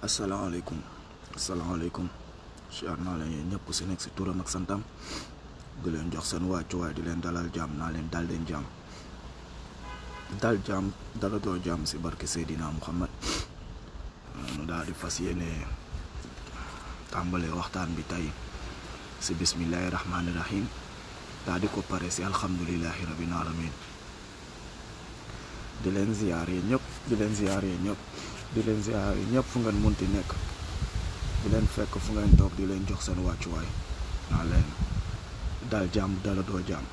Assalamualaikum, assalamualaikum. siyaar naa leen ñepp ñëpp ku si nekk ak santam gëlen jox sen waccu way di len dalal jam na len dal den jam dal jam dal do jam si barke sayidina Muhammad no anu daal di fasiyene tambale waxtan bi tay si Bismillahirrahmanirrahim. rahmaani rahim daal di ko pare si nyop, rabbil alamin di len ziaré ñep di len ziaré ñep di len ziaré ñep fu ngeen munti nek di len fekk fu ngeen tok di len jox waccu way naa jam dal jàmm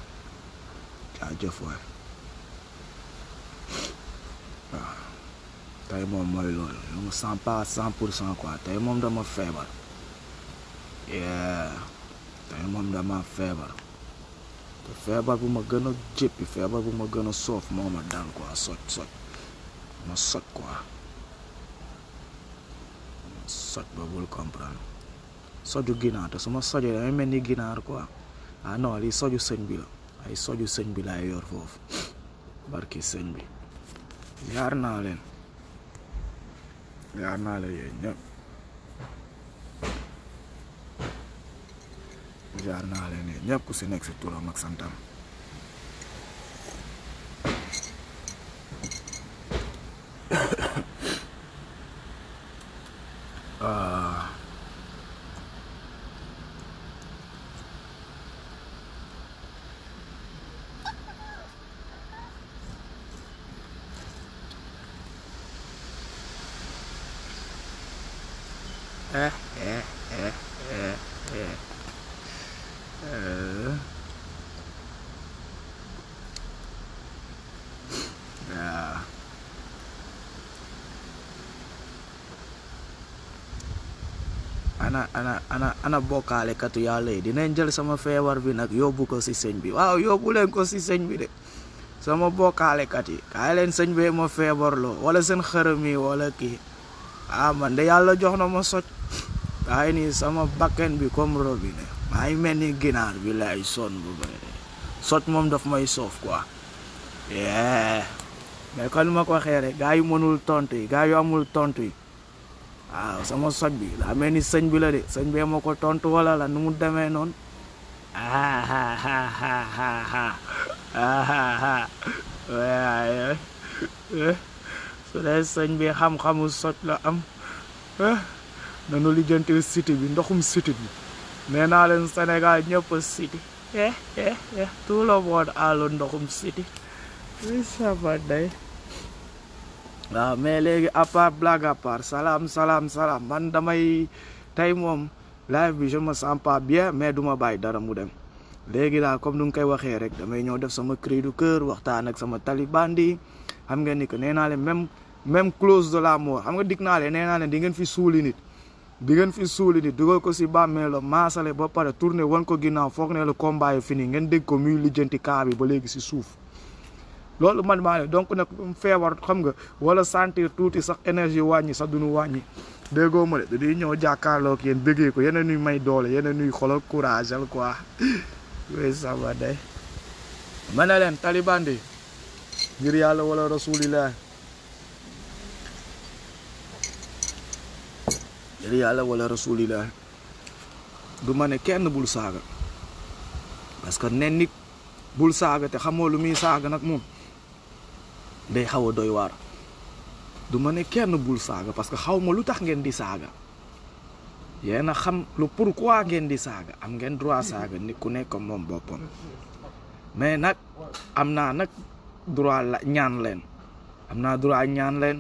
tey moom mooy loolu je me sens pas à cent pour cent quoi tey moom dama feebar tey moom dama feebar te feebar bu ma gën a jéppi feebar bu ma gën a soof moo ma dal quoi soj soj ma soj quoi soj ba bul comprendre soju ginaar te mel ni ginaar quoi ah non lii sëñ bi la ay soju sëñ bi yor foofu barki sëñ bi yaar naa leen yaar naa la yéen ñëpp jaar naa leen ñëpp ku si nekk si turam ak santam ana ana ana ana bokkaalekatu yàlla yi dinañ jël sama feebar bi nag yóbbu ko si sëñ bi waaw yóbbu leen ko si sëñ bi de sama bokkaalekat yi kaay leen sëñ bee ma feebarloo wala seen xërëm yi wala kii ah man de yàlla jox na ma socc kaay nii sama bakken bi comme robinet maa ngi mel ni ginaar bi lay sonn bu ba socc moom daf may soof quoi eh, mais kon ma ko waxee gaa yu mënul tontu yi gaa yu amul tontu yi. waaw ah, sama soj bi daa mel ni sëñ bi la de sëñ bee ma ko tontu wala la nu mu demee noonu su dee sëñ bi xam-xamu soj la am nanu lijjanti cité bi ndoxum cité bi nee naa leen Sénégal ñëpp cité eh eh eh tout le monde àllu ndoxum cité i sabaday waaw mais léegi à part blague salaam salaam salaam man damay tey moom live bi ma sampa sens bien mais du ma bàyyi dara mu dem léegi daal comme nu nga koy waxee rek damay ñëw def sama cri du waxtaan ak sama taliban yi xam nga ni que nee naa leen même même clause de la mort xam nga dig naa leen nee naa leen di ngeen fi suuli nit di ngeen fi suuli nit dugal ko si bàmmeelam maasale ba pare tourné wan ko ginnaaw foog ne le combat yi fini ngeen dégg ko muy lijjanti kaa bi ba léegi si suuf. loolu man maa ne donc nag feebar xam nga wala sentir tuuti sax énergie wàññi sax duñu wàññi déggoo ma de dañuy ñëw jàkkaarloog yéen bëggee ko yeneen ñuy may doole yeneen ñuy xolal courage ko quoi oui ma ne leen taliban de ngir yàlla wala rasulillah ngir wala rasulillah du ma ne kenn bul saaga parce que nen nit bul saaga te xamoo lu muy saaga nag moom day xaw doy war du ma kenn bul saga parce que xawma lutax ngeen di saga yéen xam lu pourquoi ngeen di saga am ngeen droit saga ni ku nekk mom boppam mais nak am nak droit la ñaan leen am droit ñaan len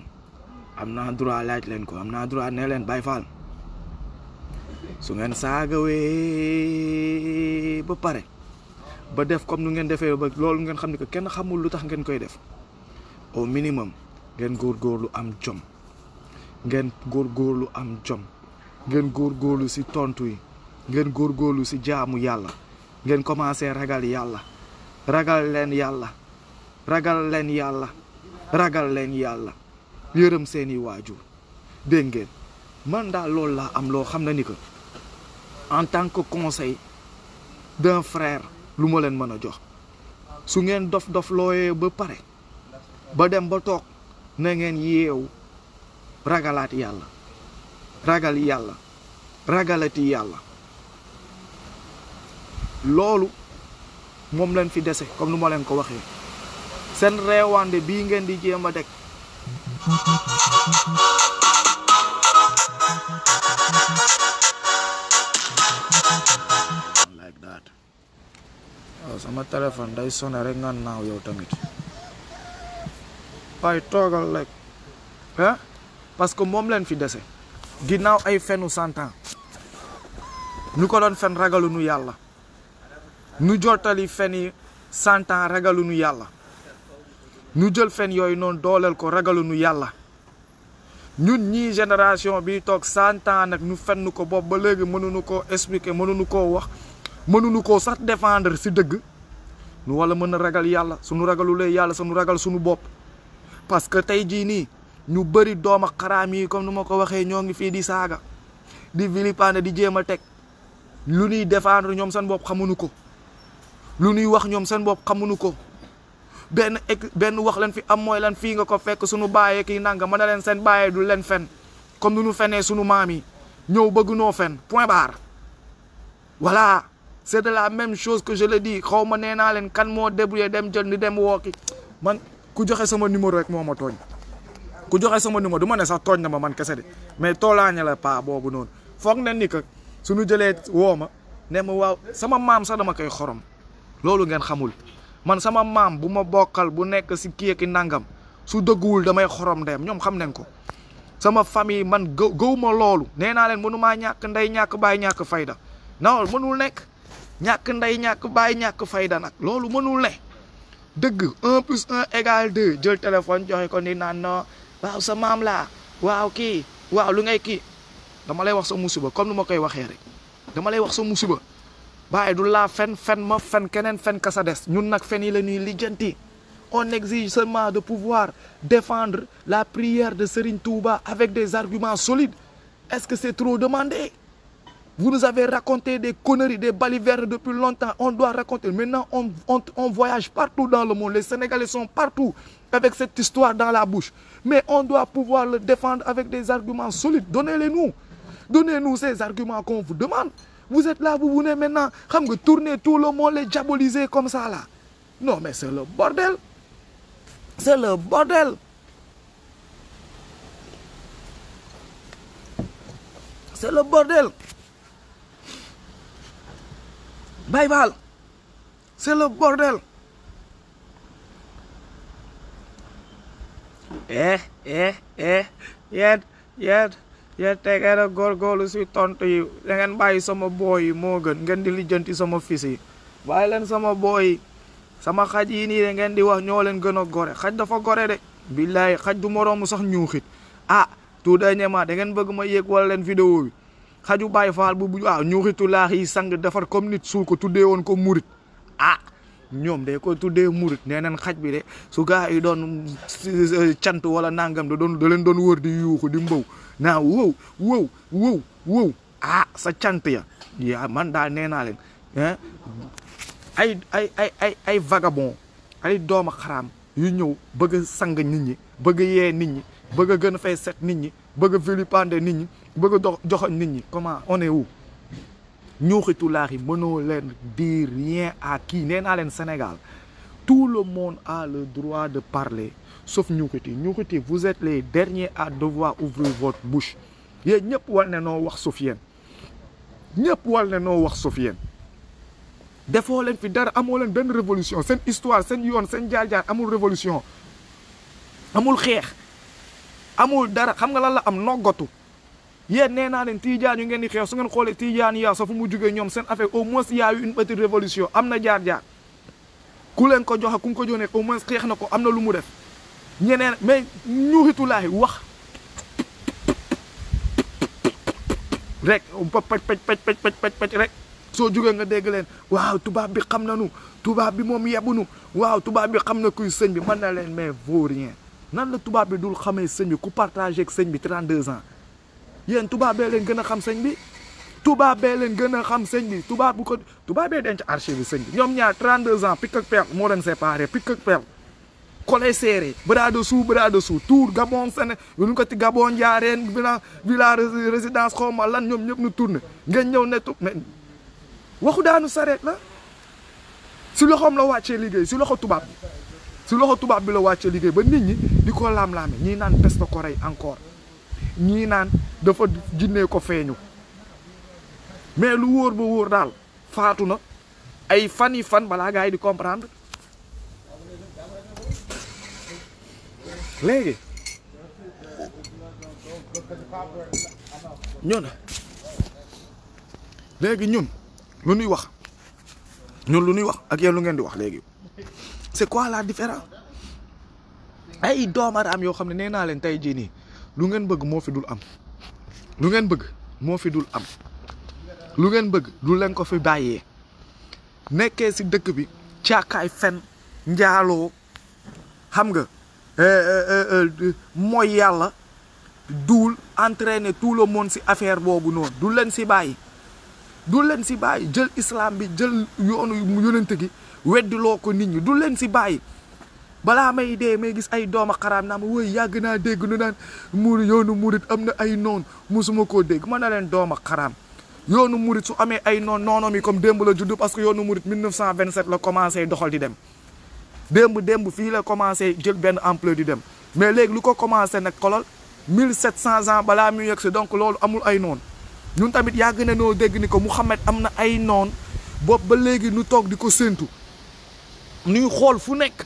am droit laaj len ko am droit ne leen bay faal su ngeen we ba pare ba def comme nu ngeen defee ba lolou ngeen xam ni kenn xamul lutax koy def au oh, minimum ngeen gorlu am jom ngeen gorlu am jom ngeen gorlu si tontu yi ngeen gorlu si jaamu yalla ngeen commencer ragal yalla ragal len yalla ragal len yalla, ragal len yalla, yeureum seeni waajur de ngeen man da lol la am lo xamna ni ko en tant que conseil d'un frère lu ma leen jox su ngeen dof dof loye ba pare ba dem ba tok na ngeen yew ragalat yalla ragal yalla ragalati yalla lolou mom lañ fi déssé comme numa ma ko waxé sen reewande bi ngeen di jéem dék like that sama téléphone day sone rek nga naaw yow tamit waaye toogal rek ah parce que moom leen fi dese ginnaaw ay fenu santan ñu ko doon fen ragalu nu yàlla ñu jottali fen yi santan ragalu nu yàlla ñu jël fen yooyu noonu dooleel ko ragalu nu yàlla ñun ñii génération bi toog cent ans nag ñu fenn ko bopp ba léegi mënuñu ko expliquer mënuñu ko wax mënuñu koo sax défendre si dëgg ñu walla mën na ragal yàlla suñu ragalulee yàlla suñu ragal suñu bopp parce que tay ji ni ñu bari doom ak xaraam yi comme numa ko waxe ñongi fi di saga di vilipane di jema tek lu ñuy défendre ñom sen bop xamunu ko lu ñuy wax ñom sen bop xamunu ko ben ben wax lan fi am moy lan fi nga ko fekk suñu baye ki nanga ma na du len fen comme nu ñu fenee suñu mami ñew bëgg no fen point barre voilà c'est de la même chose que je le dis xawma ma len kan mo débrouiller dem jël ni dem woki man ku joxe sama numéro rek moom ma tooñ ku joxe sama numéro du ma ne sax tooñ na ma man kese de mais toolaane la paa boobu noonu foog na ni que suñu jëlee woo ma ne ma waaw sama maam sax dama koy xorom loolu ngeen xamul man sama maam bu ma bokkal bu nekk si kii ki nangam su dëgguwul damay xorom ndeyam ñoom xam nañ ko sama famille man gëw ma loolu nee naa leen mënumaa ñàkk ndey ñàkk bàyyi ñàkk fayda non mënul nekk ñàkk ndey ñàkk baay ñàkk fayda nag loolu mënul ne deug 1 plus 1 égale 2 jël téléphone joxé ko ni naan non waaw sa maam laa waaw kii waaw lu ngay ki dama lay wax sa musiba comme numa koy waxé rek dama lay wax sa musiba baye du la fen fen ma fen kenen fen kassa des ñun nak fen yi la ñuy on exige seulement de pouvoir défendre la prière de Serigne Touba avec des arguments solides est-ce que c'est trop demandé vous nous avez raconté des conneries, des balivernes depuis longtemps. On doit raconter. Maintenant, on, voyage partout dans le monde. Les Sénégalais sont partout avec cette histoire dans la bouche. Mais on doit pouvoir le défendre avec des arguments solides. Donnez-les-nous. Donnez-nous ces arguments qu'on vous demande. Vous êtes là, vous venez maintenant tourner tout le monde, les diaboliser comme ça là. Non, mais c'est le bordel. C'est le bordel. C'est le bordel. Bye Fall c'est le bordel eh eh eh yéen yéen yéen te ngeen a góorgóorlu si tontu yi da ngeen bàyyi sama booy yi moo gën ngeen di lijjanti sama fils yi bàyyi sama booy sama xaj yi da ngeen di wax ñoo leen gën a gore xaj dafa gore de billahi xaj du moroomu sax ñuuxit ah tout dernièrement da ngeen bëgg ma yéeg wala leen vidéo bi xaju Baay Faal bu bu waaw ñuuxitu laax yi sang defar comme nit suu ko tuddee woon ko murit ah ñoom de ko tuddee murit nee nañ xaj bi de su yi doon euh, cant wala nangam da doon da leen doon wër di yuuxu di mbow naa wow wow wow wow ah, sa cant ya yaa man daa nee naa leen ay ay ay ay ay ay dooma xaraam yu ñëw bëgg a sang nit ñi bëgg yee nit ñi bëgg gën a fay set nit ñi bëgg a vilipender nit ñi bëgg dox joxoñ nit ñi comment on est où ñuuxitu laax yi mënoo leen dire rien à qui nee naa leen Sénégal tout le monde a le droit de parler sauf ñuuxiti ñuuxiti vous êtes les derniers à devoir ouvrir votre bouche yéen ñëpp wal ne noo wax sauf yéen ñëpp wal ne noo wax sauf yéen defoo fi dara amoo leen révolution seen histoire seen yoon seen jaar-jaar amul révolution amul xeex amul dara xam nga lan la am noggatu yéen néna len tidiane tijaan yu ngeen di xeew su ngeen xolé tidiane ya sa fu mu jugee ñom sen affaire au moins y a eu une petite révolution amna na jaar-jaar ku leen ko joxe ku ko joonee au moins xeex na ko am lu mu def ñeneen mais ñuuxitulaahi wax rek pa pa pa pa pa rek so jógee nga dégg len waaw tubaab bi xam nañu tubaab bi moom yebunu waaw tubaab bi xamna kuy seigne bi man na len mais vaut rien nan la tubaab bi dul xamé seigne bi ku partagé ak seigne bi 32 ans yéen tubaabee leen gën a xam sëñ bi tubaabee leen gën a xam sëñ bi tubaab bu ko tubaab bee denc archive sëñ bi ñoom ñaar 32 ans pic ak pelle moo leen séparé pic ak pelle collé serré bras dessous bras dessous tour Gabon Séné ñu ko ci Gabon Ndiarène villa villa résidence xaw ma lan ñoom ñëpp ñu tourné ngeen ñëw ne tu mais waxu daanu sareet la si loxoom la wàccee liggéey si loxo tubaab bi si loxo tubaab bi la wàccee liggéey ba nit ñi di ko laam-laame ñii naan peste ko rey ñii naan dafa jinnee ko feeñu mais lu wóor ba wóor daal faatu na ay fan yi fan balaa gars yi di comprendre léegi ñun léegi ñun lu ñuy wax ñun lu nuy wax ak yéen lu ngeen di wax léegi c'est quoi la différence ay doomaraam yoo xam ne nee naa leen tey jii nii lu ngeen bëgg moo fi dul am lu ngeen bëgg moo fi dul am lu ngeen bëgg du leen ko fi bàyyee nekkee si dëkk bi caakaay fen njaaloo xam nga eh, eh, eh, mooy yàlla duul entraîner tout le monde si affaire boobu noonu du leen ci bàyyi du leen ci bàyyi jël islam bi jël yoonu yonent gi weddiloo ko nit ñi du leen ci bàyyi balaa may dee may gis ay dooma xaraam naa ma wooy yàgg naa dégg nu naan muur yoonu murit am na ay noon musuma koo dégg ma na leen dooma xaraam yoonu murit su amee ay noon noonom mi comme démb la judd parce que yoonu murit 1927 la commencé doxal di dem démb démb fii la commencé jël benn ampleur di dem mais léegi lu ko commencé nag kolol cent ans balaa muy yegg si donc loolu amul ay noon ñun tamit yàgg na noo dégg ni ko Mouhamed am na ay noon bopp ba léegi nu toog di ko séntu nuy xool fu nekk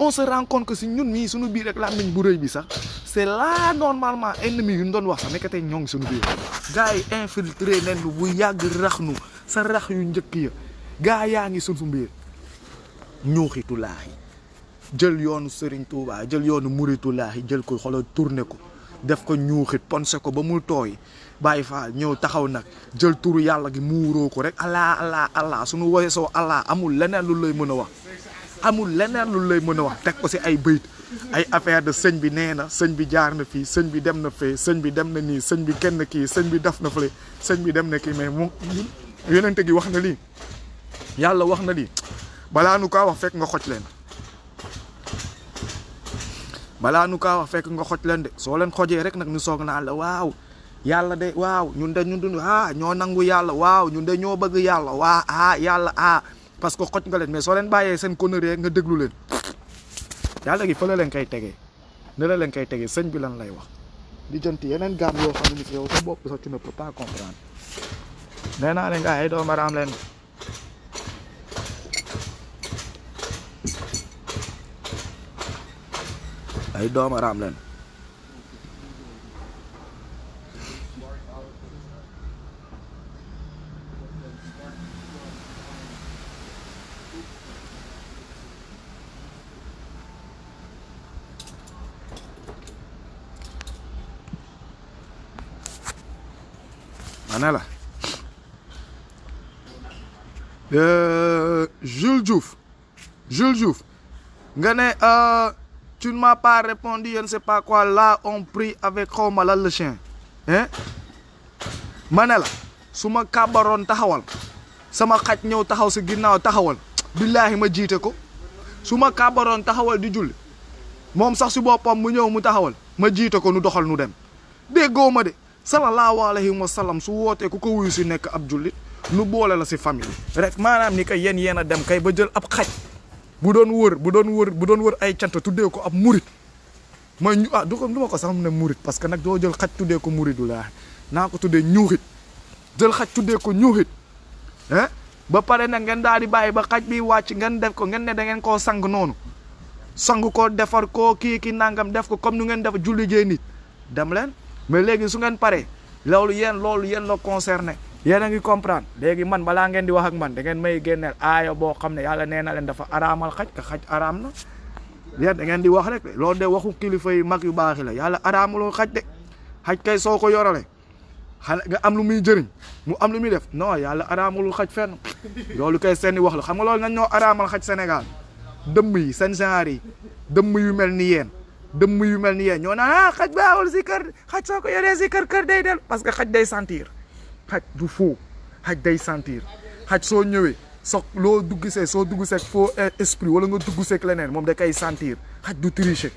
on se rend si ñun mii suñu biir rek làmmiñ bu rëy bi sax c' est là normalement ennemi yu ñu doon wax sax nekk tey ñoo ngi suñu biir gars yi infiltré nen bu yàgg rax nu sa rax yu njëkk ya gars yaa ngi suñu biir ñuuxitu laaxi jël yoonu Serigne Touba jël yoonu muritu laaxi jël ko xoolal tourné ko def ko ñuuxit ponse ko ba mu tooy bàyyi faal ñëw taxaw nag jël turu yàlla gi muuroo ko rek allah allah allah suñu woyesoo allah amul leneen lu lay mën a wax amul leneen lu lay mën a wax teg ko si ay bayit ay affaire de sëñ bi nee na sëñ bi jaar na fii sëñ bi dem na fee sëñ bi dem na nii sëñ bi kenn kii sëñ bi def na fële sëñ bi dem na kii mais mu yonente gi wax na lii yàlla wax na lii balaa nu kaa wax fekk nga xoj leen balaa nu kaa wax fekk nga xoj leen de soo leen xojee rek nag nu soog naan la waaw yàlla de waaw ñun de ñun dund ah ñoo nangu yàlla waaw ñun de ñoo bëgg yàlla waa ah yàlla ah parce que xoj nga leen mais soo leen bàyyee seen connerie nga déglu leen yàlla gi fa la leen koy tegee ne leen koy tegee sëñ bi lan lay wax di jënti yeneen gaam yoo xam ne yow sa bopp sax tu ne pas comprendre nee naa leen nga ay doomu raam leen ay doomu raam leen Jules euh, Jouf, Jules Diouf euh, tu ne m'as pas répondu je ne sais pas quoi là on prie avec Roma le chien hein ma je un un ma taxawal sama taxaw si ginnaaw taxawal suis ma cabaron ko ma taxawal di Je si un mu ñëw mu taxawal ma ko nu doxal sallallahu alayhi wa sallam su wote ku ko wuyu si ab julit lu boole la si famille rek manam ni kay yen yena dem kay ba jël ab xaj bu doon wër bu doon wër bu doon wër ay tiant tuddé ko ab mourid moy ñu ah du ko duma ko sax ne mourid parce que nak do jël xaj tuddé ko muridu laa naa ko tuddé ñuuxit jël xaj tuddé ko ñuuxit hein ba paré nag ngeen daali baye ba xaj bi wacc ngeen def ko ngeen ne da ngeen ko sang nonu sang ko defar ko ki ki nangam def ko comme nu ngeen def julli jee nit dem len mais léegi su ngeen paree loolu yéen loolu yéen la concerné yéen a ngi comprendre léegi man balaa ngeen di wax ak man da ngeen may génneel aaya boo xam ne yàlla nee na leen dafa araamal xaj ka xaj araam na yéen da di wax rek loolu de waxu kilifa yu mag yu baax yi la yàlla araamaloo xaj de xaj kay soo ko yorale xale am lu muy jëriñ mu am lu muy def non yàlla araamalul xaj fen loolu kay seen wax la xam nga loolu nañ ñoo araamal xaj senegal dëmm yi seen genre yi dëmm yu mel ni yéen dëmm yu mel ni yee ñoo naan ah xaj baaxul si kër xaj soo ko yoree si kër kër day del parce que xaj day santir xaj du faux xaj day sentir xaj soo ñëwee so loo dugg soo dugg seeg foo esprit wala nga dugg seeg leneen moom da koy sentir xaj du tricher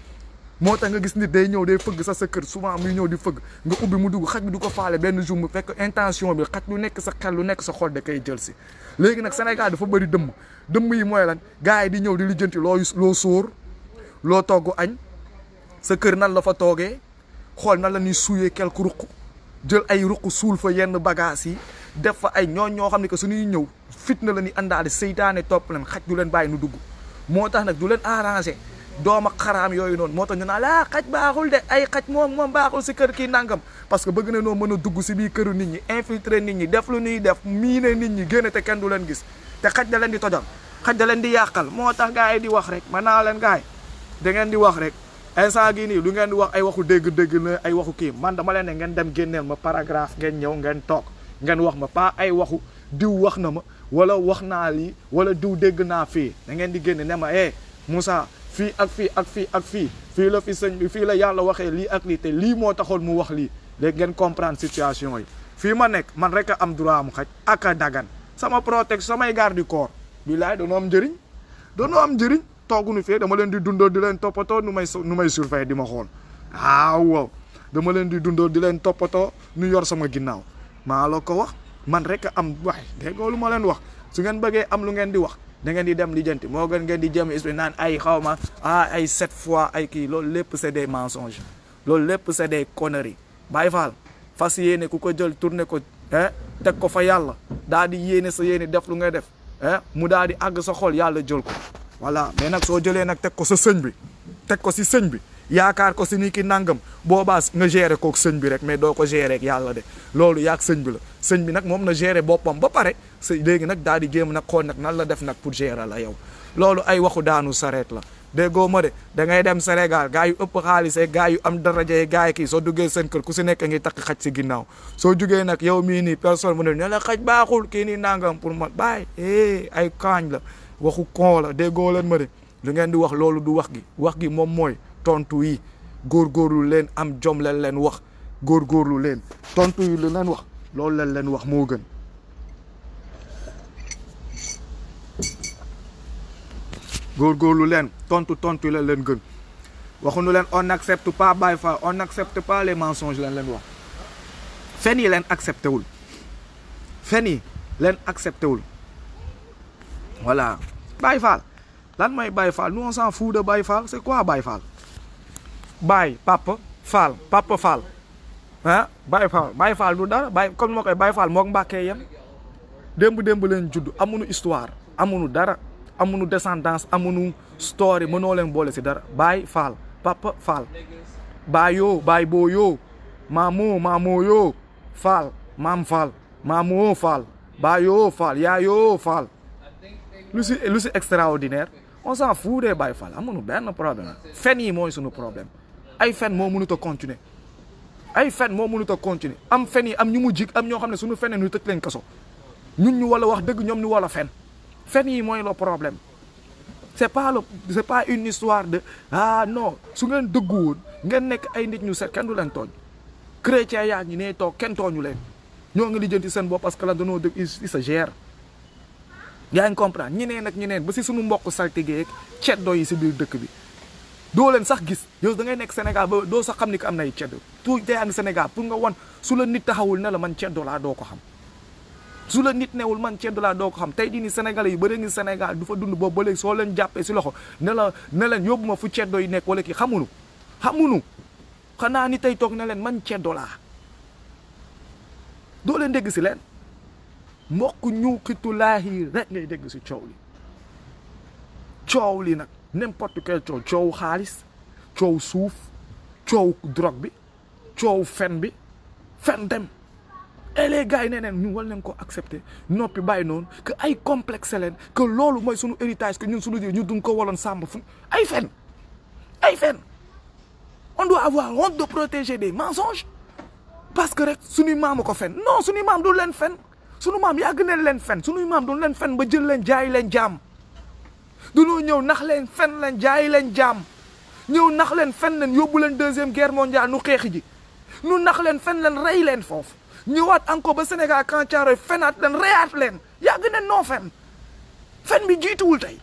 moo tax nga gis nit day ñëw day fëgg sa sa kër souvent muy ñëw di fëgg nga ubbi mu dugg xaj bi du ko faale benn jour mu fekk intention bi xaj lu nekk sa xel lu nekk sa xol da kay jël si léegi nag Sénégal dafa bëri dëmm dëmm yi mooy lan gars yi di ñëw di lijjanti loo loo sóor loo togg añ sa kër nan la fa toogee xol nan la ni souyé quelque ruq djel ay ruq sul fa yenn bagage yi def fa ay ñoo ñoo xamni ko que ñew fitna la ni andale seytaane top leen xaj du len bay nu dugg motax nak du len arranger doma kharam xaraam non motax ñu na la ah, xaj baaxul de ay xaj mom mom baaxul ci kër ki nangam parce que bëgg na no mëna dugg ci bi këru nit ñi infiltrer nit ñi def lu ñuy def miné nit ñi génn te kenn du len gis te xaj da len di tojal xaj da len di yaqal motax gaay di wax rek mën naa leen da ngeen di wax rek instant gii nii lu ngeen di wax ay waxu dégg-dégg na ay waxu kii man dama leen ne ngeen dem génneel ma paragraphe ngeen ñëw ngeen toog ngeen wax ma pas ay waxu diw wax na ma wala wax naa lii wala diw dégg naa fii da ngeen di génn ne ma eh Moussa fii ak fii ak fii ak fii fii la fi sëñ fii la yàlla waxee lii ak lii te lii moo taxoon mu wax lii léegi ngeen comprendre situation yi fii ma nekk man rek a am droit am xaj ak a dagan sama protection samay garde du corps bi njëriñ doonoo am njëriñ ñu fee dama leen di dundal di leen toppatoo nu may nu may surveiller di ma xool ah, waaw dama leen di dundal di leen toppatoo nu yor sama ginnaaw maa la ko wax man rek am waay déggoo lu ma leen wax su ngeen bëggee am lu ngeen di wax da ngeen di dem lijjanti moo gën ngeen di jëm esprit naan ay xaw ma ah ay sept fois ay kii loolu lépp c' est des mensonges loolu lépp c' est des conneries bàyyi faal fas yéene ku ko jël tourner ko eh teg ko fa yàlla daa di yéene sa yéene def lu ngay def eh mu daa di àgg sa xol yàlla jël ko voilà mais nag soo jëlee nag teg ko sa sëñ bi teg ko si sëñ bi yaakaar ko si ni ki nangam boobaas nga gérer kook sëñ bi rek mais doo ko gérer ak yàlla de loolu yaag sëñ bi la sëñ bi nag moom na gérer boppam ba pare sa léegi nag daal di jéem nag xool nag nan la def nag pour gérer la yow loolu ay waxu daanu sareet la déggoo ma de da ngay dem Sénégal gaa yu ëpp xaalis ak yu am daraja yi gaa yi kii soo duggee seen kër ku si nekk ngi takk xaj si ginnaaw soo jugee nag yow mii nii personne mu ne ne la xaj baaxul kii nii nangam pour ma bàyyi eh, ay kaañ la waxu kon la déggoo leen ma de lu ngeen di wax loolu du wax gi wax gi mom moy tontu yi góorgóorlu len am jom leen l'en wax góorgóorlu l'en, tontu yi leen wax loolu leen leen wax moo gën. góorgóorlu len tontu tontu leen leen gën waxuñu len on accepte pas bay Fall on accepte pas les mensonges leen leen wax fen yi leen accepté wul fen leen Voilà. Baye Fall lan mooy Baye Fall nous on s'en fout de Baye Fall c'est quoi Baye Fall papa Fall papa Fall Hein? bai Fall Baye Fall du dara Baye comme ma koy Baye Fall moog Mbàkke yam Dembu dembu len judd amunu histoire amunu dara amunu descendance amunu story mënoo len bolé si dara Baye Fall papa Fall bayo yoo yo boo yoo yo fal mam Fall maam Fall bayo Fall ya yo Fall c'est extraordinaire on s'en fout des Baye nous benn problème Fenni, y a un problème ay Nous Il y a continuer ay fen Il y a continuer am Fenni, am am nous ñu leen ñun ñu wala wax ñu wala a problème c'est pas c'est pas une histoire de ah non su ngeen ngeen ay nit ñu nous chrétien Les ngi ne sont pas leen parce que se gèrent. yaa ngi comprendre ñeneen ak ñeneen ba si suñu mbokk saltige yeeg ceddo yi si biir dëkk bi doo leen sax gis yow dangay nekk Sénégal ba doo sax xam ni ko am na ceddo tout te yaa pour nga wan su la nit taxawul ne la man ceddo laa doo ko xam su la nit newul man ceddo laa doo ko xam tey dini ni Sénégalais yu bëri ngi Sénégal du fa dund boobu ba léegi soo leen jàppee si loxo ne la ne leen fu ceddo yi nekk wala kii xamunu xamunu xanaa ni tey toog ne leen man ceddo laa doo leen dégg si leen mbokk ñu laahi rek ngay dégg si coow li coow li nag n'importe quel coow coow xaliss coow souf coow drogue bi coow fen bi fen dem et les gars nenen ñu neen nañ ko accepter nopi bàyyi non que ay complexe leen que lolu moy suñu héritage que ñun suñu ñu duñ ko waloon sàmm fu ay fen ay fen on doit avoir honte de protéger des mensonges parce que rek suñuy maam ko fen non suñuy mam du len fen sunu maam yàgg neen leen fen sunuy maam doon leen fen ba jël leen jaayi leen jaam dunoo ñëw nax leen fen leen jaay leen jaam ñëw nax leen fen leen yóbbu leen deuxième guerre mondiale nu xeex ji nu nax leen fen leen rey leen foofu ñëwaat encore ba senegal kancaaro fenaat leen reyaat leen yàgg neen noo fen fen bi jiituwul tey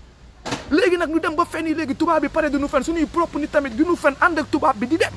léegi nag ñu dem ba fen yi léegi tubaab bi pare du ñu fen suñuy propre nit tamit du ñu fen ànd ak tubaab bi di dem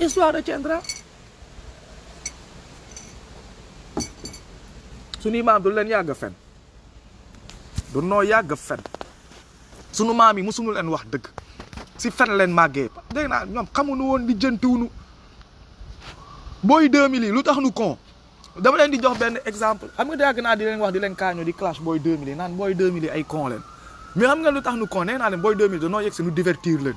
Isso ada Chandra. Suni maam du leen yàgg ya fen du noo ya sunu Mami musunul en leen wax si fen Len mage. dégg naa ñoom xamuñu woon di jëntiwunu boy 2000 yi lu tax nu kon dama leen di jox ben exemple xam nga yàgg di leen wax di leen kaañoo di clash boy 2000 yi naan booy 2000 yi ay con leen mais xam nga lu tax nu con nee naa leen booy nu divertir leen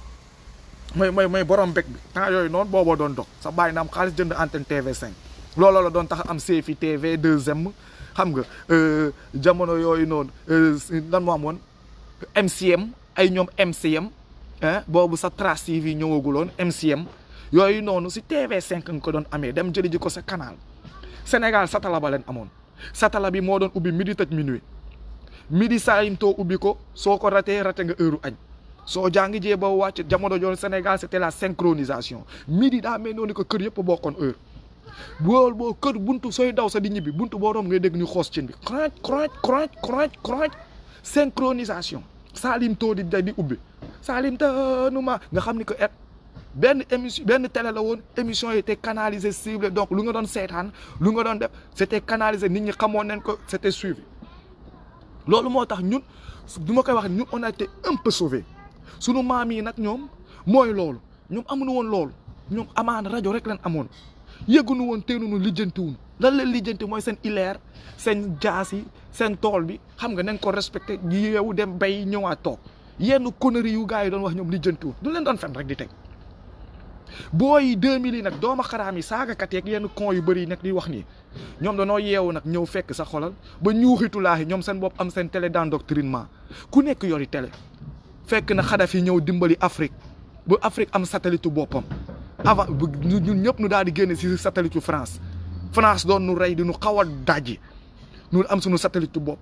mooy mooy mooy borom bég bi temps yooyu noonu booboo doon dox sa bàyyi na am xaalis jënd antenne TV5 looloo la doon tax am CFI TV 2M xam nga euh, jamono yooyu noonu nan euh, moo amoon MCM ay ñoom MCM boobu sa Trace TV ñëwaguloon MCM yooyu noonu si TV5 nga ko doon amee dem jëli ko sa canal Sénégal satala ba amoon satala bi moo doon ubbi midi tëj minuit midi saa yim ubbi ko soo ko ratee rate nga heure añ. soo jàngi jee ba wàcc jamono joon Sénégal c'était la synchronisation midi daa mel noonu ko keur yëpp bokkoon heure bool boo keur buntu soy daw sa di ñibi buntu borom rom ngay deg ñu xoss cin bi crunch crunch crunch crunch crunch synchronisation Salim to di di ubbi saalim tanuma nga xamni ko et ben émission ben télé la won émission était canalisée cible donc lu nga don sétane lu nga don def c'était canalisé nit ñi xamoon nañ ko c'était suivi Lolu motax ñun du koy wax ñun on a été un peu sauvé sunu maam yi nag ñoom mooy loolu ñoom amuñu woon loolu ñoom amaan rajo rek leen amoon yëgunu woon teenunu lijjantiwun lan leen lijjanti mooy seen ileer seen jaas yi seen tool bi xam nga nañ ko respecté yeewu dem bay ñëwaat toog yenn conneries yu gars yi doon wax ñoom lijjantiwun du leen doon fen rek di teg booy 2000 yi nag doomu xaraam yi saagakat yeeg yenn con yu bëri yi nag di wax nii ñoom danoo yeewu nag ñëw fekk sa xolal ba ñuuxitulaahi ñoom seen bopp am seen télé d'endoctrinement ku nekk yori télé fekk na Xadafi ñëw dimbali Afrique bu Afrique am satellite boppam avant ñun ñëpp ñu daal di génne si satellite France France doon nu rey di nu xaw a dajji ñun am suñu satellite bopp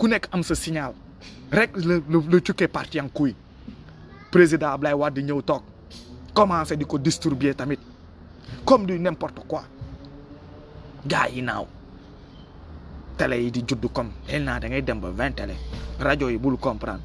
ku nekk am sa signal rek le truc est parti en couille président Ablaye Wad di ñëw toog commencé di ko tamit comme du n'importe quoi gars yi télé yi di judd comme xel naa da ngay dem ba vingt télé Radio, yi bul comprendre.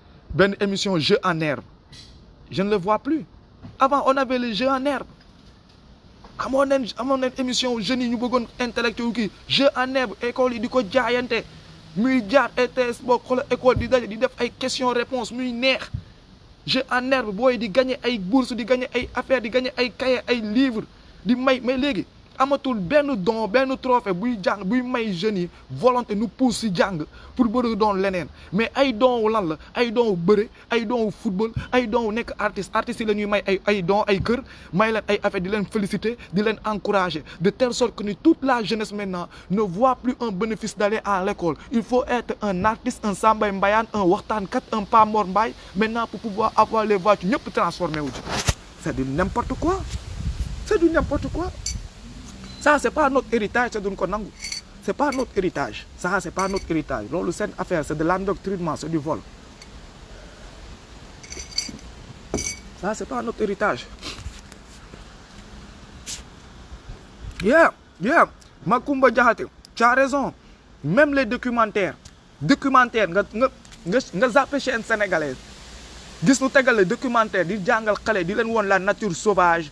benn émission jeu en herbe je ne le vois plus avant on avait le jeu en herbe amoon nañ amoon nañ émission jeunes yi ñu intellectuel kii jeu en herbe école yi di ko jaayante muy jaar ETS école di Dajé, di def ay question réponse muy neex jeu en herbe booy di gagné ay bourse di gagné ay affaire di gagné ay cahier ay livre di may mais léegi amatul benn don benn trophée buy jang buy may jeunes volonté nous pousse si pour bëri don leneen mais ay don au lan la ay don beure ay don football ay don nek nègre artiste artistes la may ay ay don ay kër may leen ay affaire di féliciter di encourager de telle sorte que toute la jeunesse maintenant ne voit plus un bénéfice d'aller à l'école il faut être un artiste un un bayan, un kat un pamor mbay maintenant pour pouvoir avoir les voitures ñëpp transformé wu c'est du n'importe quoi c'est du n'importe quoi ça c'est pas notre héritage c'est c'est pas notre héritage ça c'est pas notre héritage le affaire c'est de l'endoctrinement c'est du vol ça c'est pas notre héritage yeah yeah Makumba tu as raison même les documentaires documentaires, documentaires, nga nga nga sénégalaise gis le documentaire di la nature sauvage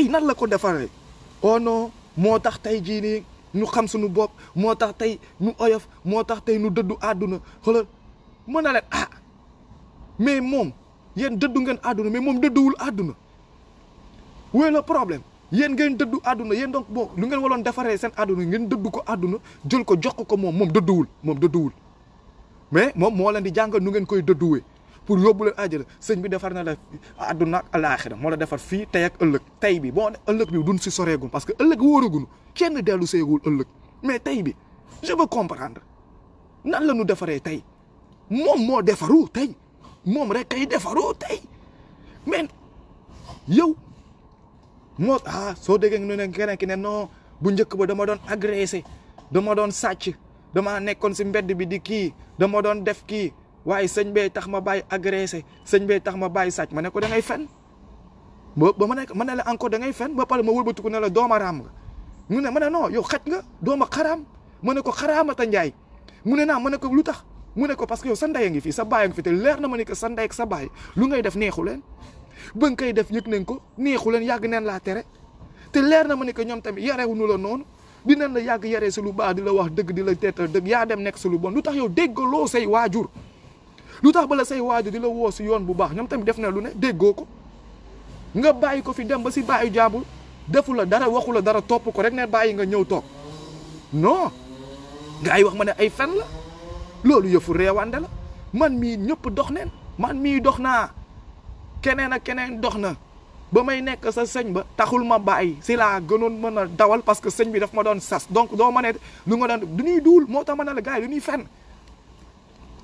tey nan la ko defaree oh moo tax tey jii nii ñu xam sunu bopp moo tax tey ñu oyof moo tax tey nu dëddu àdduna xoolal mën na leen ah mais moom yen dëddu ngeen àdduna mais moom dëdduwul àdduna wooy la problème yéen ngeen dëddu àdduna yen donc boo lu ngeen waloon defaree seen àdduna ngeen dëddu ko àdduna jël ko jox ko ko moom moom dëdduwul moom dëdduwul mais moom moo leen di jàng nu ngeen koy dëdduwee pour yóbbu leen àjjana sëñ bi defar na la àdduna ak alaaxira moo la defar fii tey ak ëllëg tey bi boo ne ëllëg bi duñ si soreegul parce que ëllëg wóoragunu kenn dellu seegul ëllëg mais tey bi je veux comprendre nan la ñu defaree tey moom moo defaru tey moom rek kay defaru tey mais yow moo ah soo degee nu ne keneen ki ne non bu njëkk ba dama doon agressé dama doon sàcc dama nekkoon si mbedd bi di kii dama doon def kii waaye sëñ bee tax ma bàyyi agressé sëñ bee tax ma bàyyi sàcc ma ne ko da ngay fen ba ba ma nekk ma ne la encore da ngay fen ba pare ma wëlbatiku ne la dooma raam nga mu ne ma ne non yow xaj nga dooma xaraam ma ne ko xaraamata njaay mu ne naa ma ne ko lu tax mu ne ko parce que sa ndey a ngi fi sa baay a leer na ma ne que sa sa baay lu ngay def neexu leen ba koy def yëg nañ ko neexu leen yàgg neen laa tere te leer na ma ne que ñoom tamit yarewuñu la noonu dinañ la yàgg yaree si lu baax di la wax dëgg di la teetal dëgg yaa dem nekk si lu bon lu tax yow loo say waajur lu tax ba la say waajur di la woo si yoon bu baax ñoom tamit def na lu ne déggoo ko nga bàyyi ko fi dem ba si bàyyi jaabul defu la dara waxu la dara topp ko rek ne bàyyi nga ñëw toog non nga ay wax ma ne ay fen la loolu yëfu reewande la man mii ñëpp dox neen man mii dox naa keneen a keneen dox na ba may nekk sa sëñ ba taxul ma bàyyi si laa gënoon mën a dawal parce que sëñ bi daf ma doon sas donc doo ma ne lu nga doon du ñuy duul moo tax ma ne la gaa yi du ñuy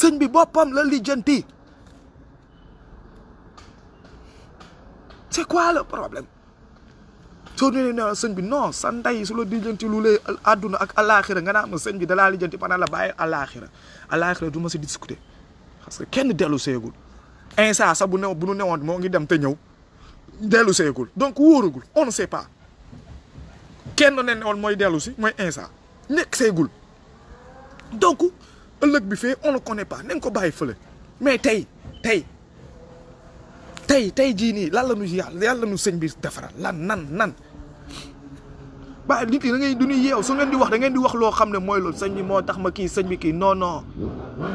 sëñ bi boppam la lijjanti c'est quoi le problème soo nee na sëñ bi non sa ndey su la lijjanti lu lay àdduna ak alaaxira nga naan ma sëñ bi dalaa lijjanti maanaam la bàyyi alaaxira alaaxira du ma si discuter parce que kenn dellu seegul insa sa bu new bu nu newoon moo ngi dem te ñëw dellu seegul donc wóoragul on ne sait kenn ne newoon mooy dellu si mooy insa nekk seegul donc pas, bi on le connaît pas nest ko pas? mais t'es, t'es, t'es, t'es Là, la ñu nous nan nan nit yi da ngay du ngeen di wax da ngeen di wax ne mooy loolu sëñ bi tax ma non non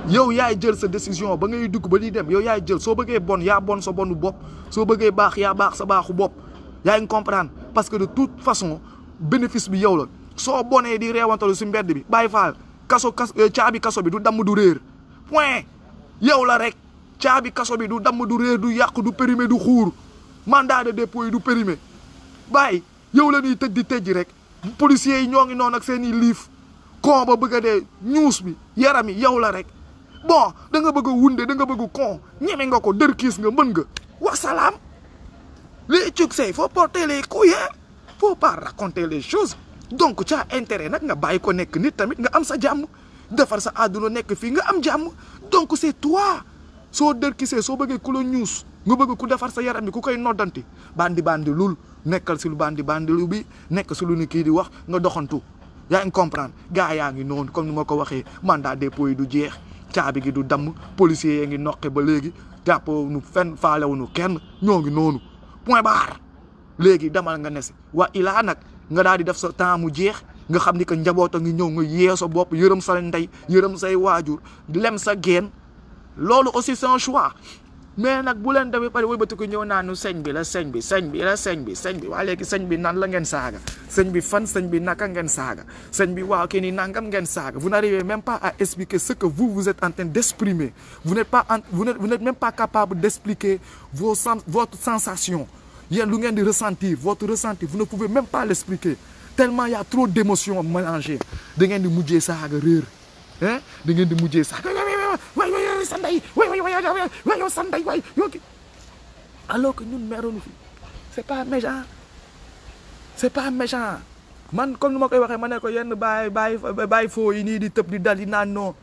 yow yaay jël décision ba ngay dugg ba dem yow yaay jël bon y'a bon sa baax y'a baax sa baaxu ngi comprendre parce que de toute façon bénéfice bi yow la soo bonee di mbedd bi faal kaso kas eh, caabi kaso bi du damm du réer point yow la rek caabi kaso bi du damm du réer du yàq du périmé du xuur mandat de dépôt du périmé bàyyi yow la ñuy tëj di tëj rek policiers yi ñoo ngi noon ak seen i liif kon ba bëgg a dee ñuus bi yaram yi yow la rek bon da nga bëgg a wunde da nga bëgg kon ñeme nga ko dër kiis nga mën nga wasalaam les succès faut porter les couilles faut pas raconter les choses donc ca intérêt nak nga bàyyi ko nek nit tamit nga am sa jamm defar sa lo nek fi nga am jamm donc c'est toi soo dërkisee so beugé kou lo news nga beug ku defar sa yaram bi ku koy nodanti bandi bandi lul nekkal ci lu bandi bandi lu bi nek ci lu ni ki di wax nga doxantu ya ngi comprendre ga ya ngi non comme ni ma ko mandat dépôt yi du jeex caabi gi du dam policier ngi noqe ba légui tapo nu fenn nu kenn ñogi nonu point barre légui damal nga ne si ila nak nga daal def sa temps mu jeex nga xamni ke njaboto njaboot a ngi ñëw nga yee bop yeureum yërëm sa ndey yeureum say wajur lem sa gene lolu aussi c'est un choix mais nak bu len demee pare wëlbati ko ñëw naanu sëñ bi la sëñ bi sëñ bi la sëñ bi sëñ bi waa léegi sëñ bi nan la ngeen saaga sëñ bi fan sëñ bi naka ngeen saaga sëñ bi waaw kii ni nangam ngeen saaga vous n'arrivez même pas à expliquer ce que vous vous êtes en train d'exprimer vous n'êtes pas vous n'êtes même pas capable d'expliquer vos sens votre sensation y a ressentir votre ressenti vous ne pouvez même pas l'expliquer tellement il y a trop d'émotions mélangées mélanger. Vous di ça à rire, hein da ngeen di ça. alors que nous ne fi c'est pas méchant c'est pas méchant man comme nous ne ko yenn bàyyi vous bàyyi foo yi ni di des di dal di des non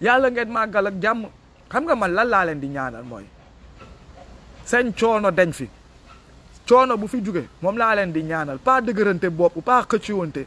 ngeen ak xam nga man la la des di coono bu fi jóge moom laa leen di ñaanal pas dëgërante bopp pas xëcciwante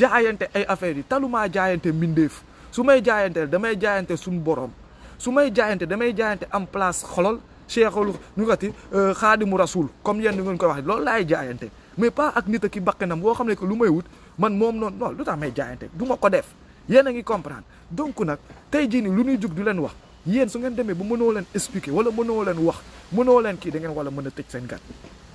jaayante ay affaires yi talumaa jaayante mbindeef su may jaayante damay jaayante suñu borom su may jaayante damay jaayante am place xolol cheikhul ñu ngati euh, xaadimu rasul comme yéen ni ngeen koy wax loolu laay jaayante mais pas ak nit a ki bakkanam boo xam ne que lu may wut man moom noonu non lu tax may jaayante du ma ko def yéen a ngi comprendre donc nag tey jii ni lu ñuy jug du leen wax yéen su ngeen demee ba mënoo leen expliquer wala mënoo leen wax mënoo leen kii da wala mën a tëj seen gat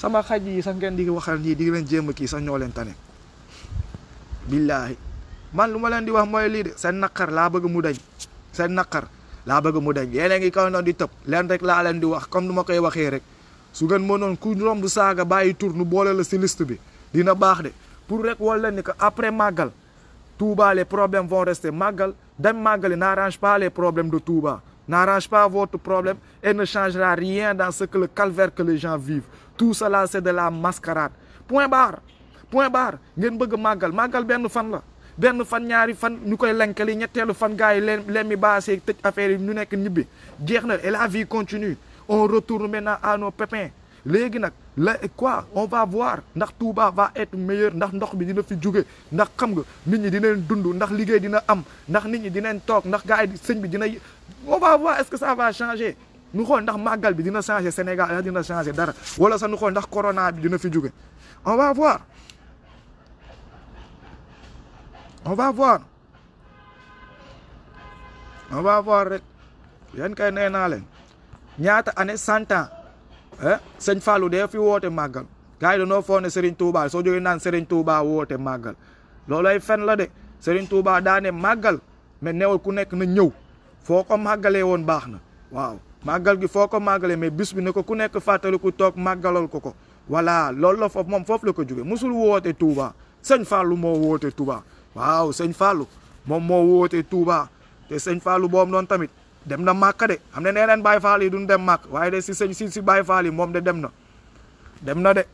sama xaj yi sax ngeen di waxal nii di leen jéem a kii sax ñoo man lu ma leen di wax mooy lii de seen naqar laa bëgg mu dañ seen naqar laa bëgg mu dañ yéen a ngi kaw di tëb leen rek laa leen di wax comme nu ma koy waxee rek su ngeen mënoon ku romb saaga bàyyi tur nu boole la si bi dina baax de pour rek wal leen ni que après màggal Touba problème problèmes vont rester màggal dem màggali n'arrange pas problème problèmes de Touba n'arrange pas votre problème et ne changera rien dans ce que le calvaire que les gens tout cela c'est de la mascarade point barre point barre ngeen bëgg magal, magal benn fan la benn fan ñaari fan ñukoy lenkeli ñettelu fan gaay yi leen leen affaire ñu nekk ñibbi jeexna et la vie continue on retourne maintenant à nos pépins légui nak la quoi on va voir ndax Touba va être meilleur ndax ndox bi dina fi jóge ndax xam nga nit ñi dinañ dund ndax liggéey dina am ndax nit ñi dinañ tok ndax gaay yi sëñ bi dina on va voir est-ce que ça va changer nu xool ndax màggal bi dina changer Sénégal ah, dina changer dara wala sax nu xool ndax corona bi dina fi jóge on va voir on va voir rek yan kay nee leen ñaata année santa ans ah sëñ dee fi woote màggal ka yi dañoo foog ne Serigne soo jógee naan Serigne Touba woote màggal loolay fen la de Serigne Touba daa ne màggal mais newul ku nekk na ñëw foo ko màggalee woon baax na waaw. màggal gi foo ko màggalee mais bis bi ne ko ku nekk fàttaliku toog màggalal ko ko voilà loolu la foofu moom foofu la ko jógee musul woote Touba sëñ Fallou moo woote Touba waaw sëñ Fallou moom moo woote Touba te sëñ Fallou boobu noonu tamit dem na màkk de am ne nee neen Baye Fall duñ dem màkk waaye de si sëñ si si Baye Fall yi moom de dem na dem na de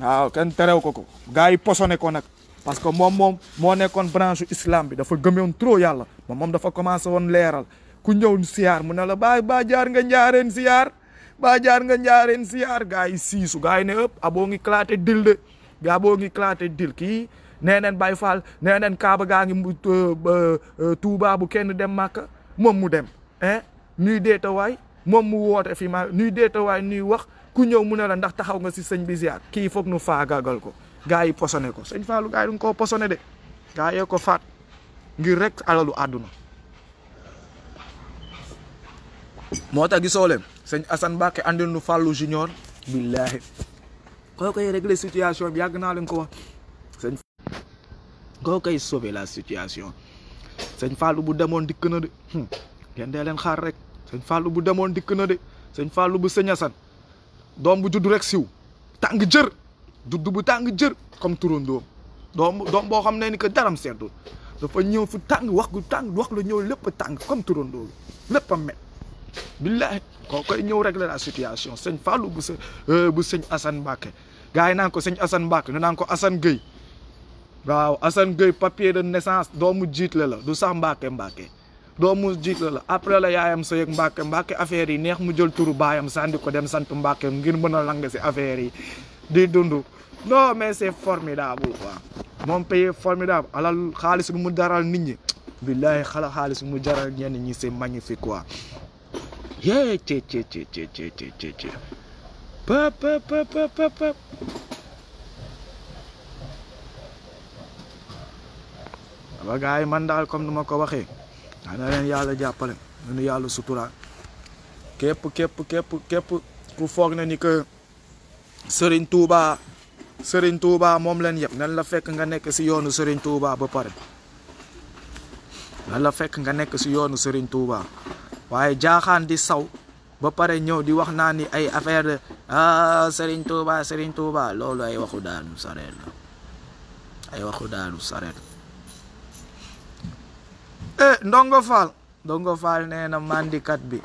waaw kenn terew ko ko gars yi posone ko nag parce que moom moom moo nekkoon branche islam bi dafa gëmoon trop yàlla moom moom dafa commencé woon leeral ku ñëw siar mu ne la ba jaar nga siar ba jaar nga njaareen siar gaay sisu gaay ne ëpp abo ngi klaté dil de gaa bo ngi klaté dil ki nenen bay fall nenen ka ba gaangi euh, euh, bu kenn dem makka mom mu dem eh nuy date away, mom mu woote fi ma nuy deeta waay nuy wax ku ñew mu la ndax taxaw nga si señ bi ziar ki fokk nu faagagal ko gaay yi posone ko señ fallu gaay yi ko posoné de ko faat ngir rek alalu aduna moo tax gisoo leen sëñ Assane Mbacke andi nu Fallou Junior billaahi koo koy situation bi yàgg naa leen ko wax sëñ koo la situation sëñ Fallou bu demoon dikk na de ngeen hmm. dee leen xaar rek sëñ Fallou bu demoon dikk na de sëñ Fallou bu sëñ Assane doom bu judd rek siw tàng jër judd bu tàng jër comme turandoom doom doom boo xam ne ni que daram seddul dafa ñëw fu tàng wax gu tàng wax la ñëw lépp tàng comme turandoo lépp a met billahi ko koy ñew régler la situation seigne fallou bu eh, bu nah seigne assane mbake gaay nan ko seigne assane mbake ñu nan ko assane gueye waaw assane gueye papier de naissance doomu jiit la la du sax mbake mbake doomu jiit la la après la yaayam sey ak mbake mbake affaire yi neex mu jël turu bayam sandi ko dem sante mbake ngir mëna langé ci affaire yi di dundu non mais c'est formidable quoi mom pays formidable alal bu mu daral nit ñi billahi xala xaliss mu jaral ñen ñi c'est magnifique quoi ci те, те, те, те, те, те, те, те. Па, па, па, yi man daal comme ni ma ko waxee xanaa yàlla jàppale yàlla sutura képp ku foog na ni que Serigne Touba Serigne Touba moom leen yëpp nan la fekk nga nekk si yoonu Serigne Touba ba pare nan la fekk nga nekk si yoonu Serigne Touba waye jaxan di saw ah, ba pare ñëw di wax naa ni ay affaire de ah Serigne Touba Serigne Touba lolu ay waxu daanu sareet ay waxu daanu eh ndongo fal ndongo fal neena mandi mandikat bi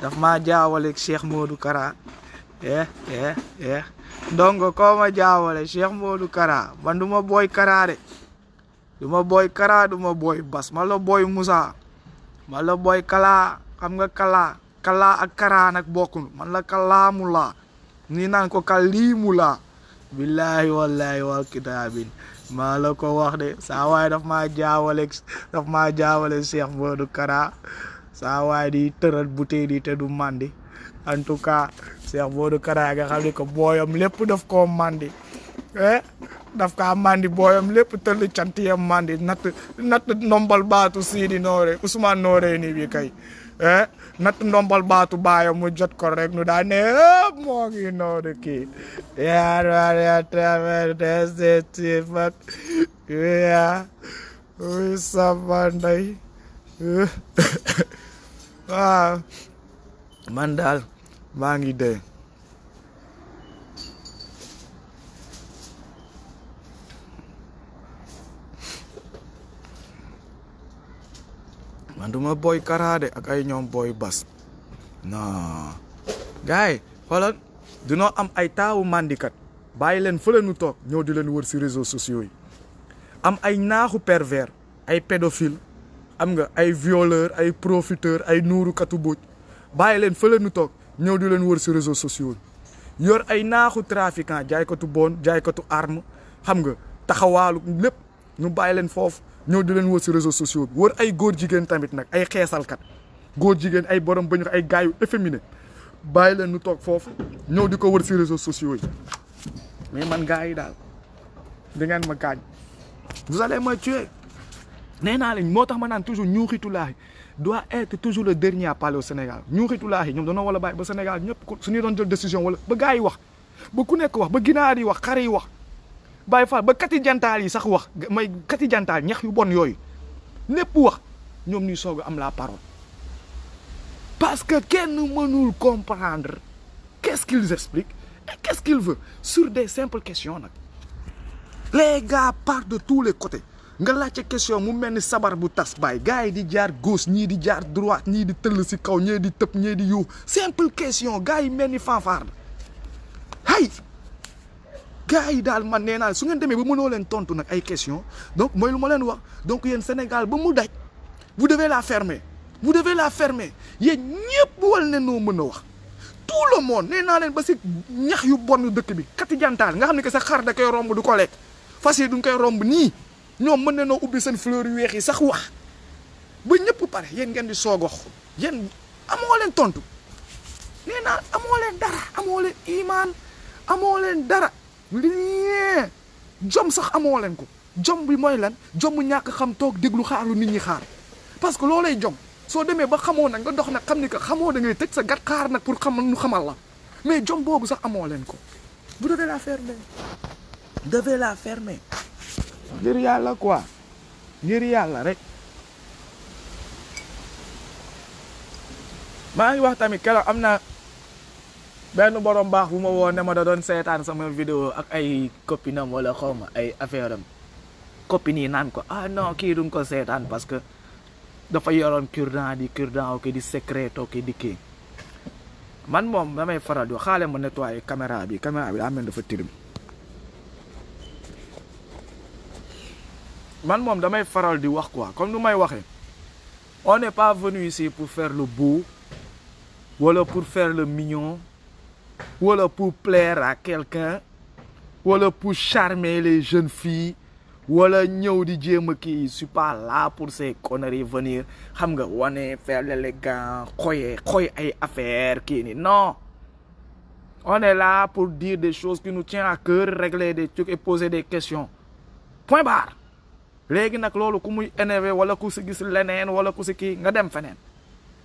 daf ma jaawale Cheikh Modou Kara eh eh eh ndongo ko ma jaawale Cheikh Modou Kara man duma boy Kara de duma boy Kara duma boy Bas ma lo musa musa ma Kala xam nga kala kala ak kara nak bokul man la kalamu la ni nan ko kalimula la billahi wallahi wa kitabin ma la ko wax de sa way daf ma jawale daf ma jawale cheikh modou kara sa way di teural bouteille di te du mandi en tout cas cheikh modou kara nga xamni ko boyam lepp daf ko mandi eh daf ka mandi boyam lepp teul cantiyam mandi nat nat nombal batu sidi nore ousmane nore ni bi kay Eh, natt ndombal baatu baayam mu jot ko rek nu daa ne moo ngi noonu kii yaar waar yaa travers des fak yaa uy sama ndey waaw man daal maa ngi dee man booy karaade ak ay ñoom booy bas non gars yi xoolal dinoo am ay taawu mandikat bàyyi leen fële nu toog ñëw di leen wër si réseaux am ay naaxu pervers ay pédophile am nga ay violeur ay profiteur ay nuuru katu buuj bàyyi leen fa leen nu toog ñëw di leen wër si réseaux sociaux yi yor ay naaxu trafiquant jaaykatu bon jaaykatu arme xam nga taxawaalu lépp ñu bàyyi leen foofu Nous di leen sur les réseaux sociaux Nous wër ay góor jigéen tamit nag ay xeesalkat góor jigéen ay borom bañu efféminé réseaux sociaux mais man gars da vous allez me tuer nee naa toujours doit être toujours le dernier à parler au Sénégal ñuuxitulaahi ñoom dañoo wala bàyyi ba Sénégal ñëpp suñu doon décision wala ba gars wax ba Baye Fall ba kati jantaal yi sax wax may kati jantaal ñax yu bon yoy, nepp wax ñom ñuy soog am la parole parce que kenn mënul comprendre qu'est-ce qu'ils expliquent et qu'est-ce qu'ils veulent sur des simples questions nak les gars partent de tous les côtés nga laccé question mu melni sabar bu tas bay gaay di jaar gauche ñi di jaar droite ñi di teul si kaw ñi di tepp ñi di yu simple question gaay melni fanfare hay gars dal daal man nee naa su ngeen demee ba mënoo leen tontu nak ay question donc moy luma len wax donc yeen Sénégal ba mu daj vous devez la fermer vous devez la fermer yéen ñëpp wal ne no mën wax tout le monde nee naa ba ci ñax yu bon dëkk bi kati jantaal nga xam que sa xar da koy romb du ko lekk fas yi duñ koy romb ni ñom mën na noo ubbi seen fleur yu weex yi sax wax ba ñepp paré yeen ngeen di soog yeen amo len tontu nee amo len dara amo len iman amo len dara rien jom sax amoo leen ko jom bi mooy lan jom ñàkk xam toog déglu xaaru nit ñi xaar parce que loolay jom soo demee ba xamoo nag nga dox nag xam ni que xamoo da ngay tëj sa gat xaar nag pour xam nu xamal la mais jom boobu sax amoo leen ko bu devez la fermer devez la fermer ngir yàlla quoi ngir yàlla rek maa ngi wax tamit keroog am na benn borom baax bu ma woo ne ma da doon seetaan sama vidéo ak ay am wala xaw ma ay affaire copine yi naan ko ah non kii duñ ko seetaan parce que dafa yoroon di curdan, ok di secret ok di kii man moom damay faral di xaale ma nettoyer caméra bi caméra bi daa mel dafa tirim man moom damay faral di wax quoi comme nu may on n'est pas venu ici pour faire le beau wala pour faire le mignon wala pour plaire à quelqu'un wala pour charmer les jeunes filles wala pour di jéem a kii je suis pas là pour ces conneries venir xam nga wane faire l'élégant xooyee koy ay affaire kii non on est là pour dire des choses qui nous tiennent à cœur régler des trucs et poser des questions point barre Légui nak lolu ku muy énervé wala ku si gis leneen wala ku qui ki nga dem feneen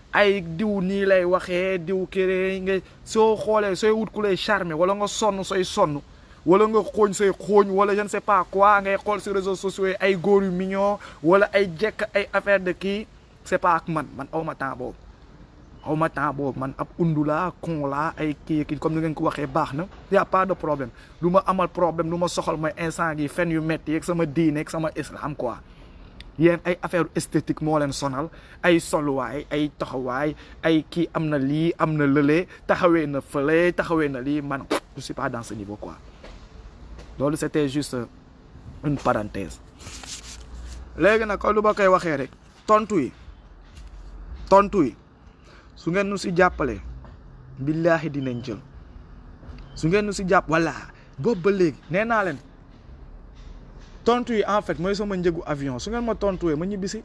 ay diw nii lay waxee diw këree nga soo xoolee sooy wut ku lay charmer wala nga sonn sooy sonn wala nga xooñ say xooñ wala je se sais pas quoi ngay xool si réseaux sociaux ay góor yu mignon wala ay jekk ay affaire de kii c'est pas ak man man aw temps boobu aw ma temps boobu man ab undu laa kon laa ay kii kii comme ni ngeen ko waxee baax na y pas de problème lu ma amal problème lu ma soxal mooy instant gi fen yu metti yeeg sama diine ak sama islam quoi yéen ay affaire esthétique moo leen sonal ay soluwaay ay taxawaay ay kii am na lii am na lële taxawee na fële taxawee na lii man je suis pas dans ce niveau quoi loolu c'était juste euh, une parenthèse léegi nag lu ba koy waxee rek tontu yi tontu yi su ngeen nu si jàppale billaahi dinañ jël su ngeen nu si jàpp walla boobu ba léegi nee naa leen tontu yi en fait mooy sama njëgu avion su ngeen ma tontuwee ma ñibbisi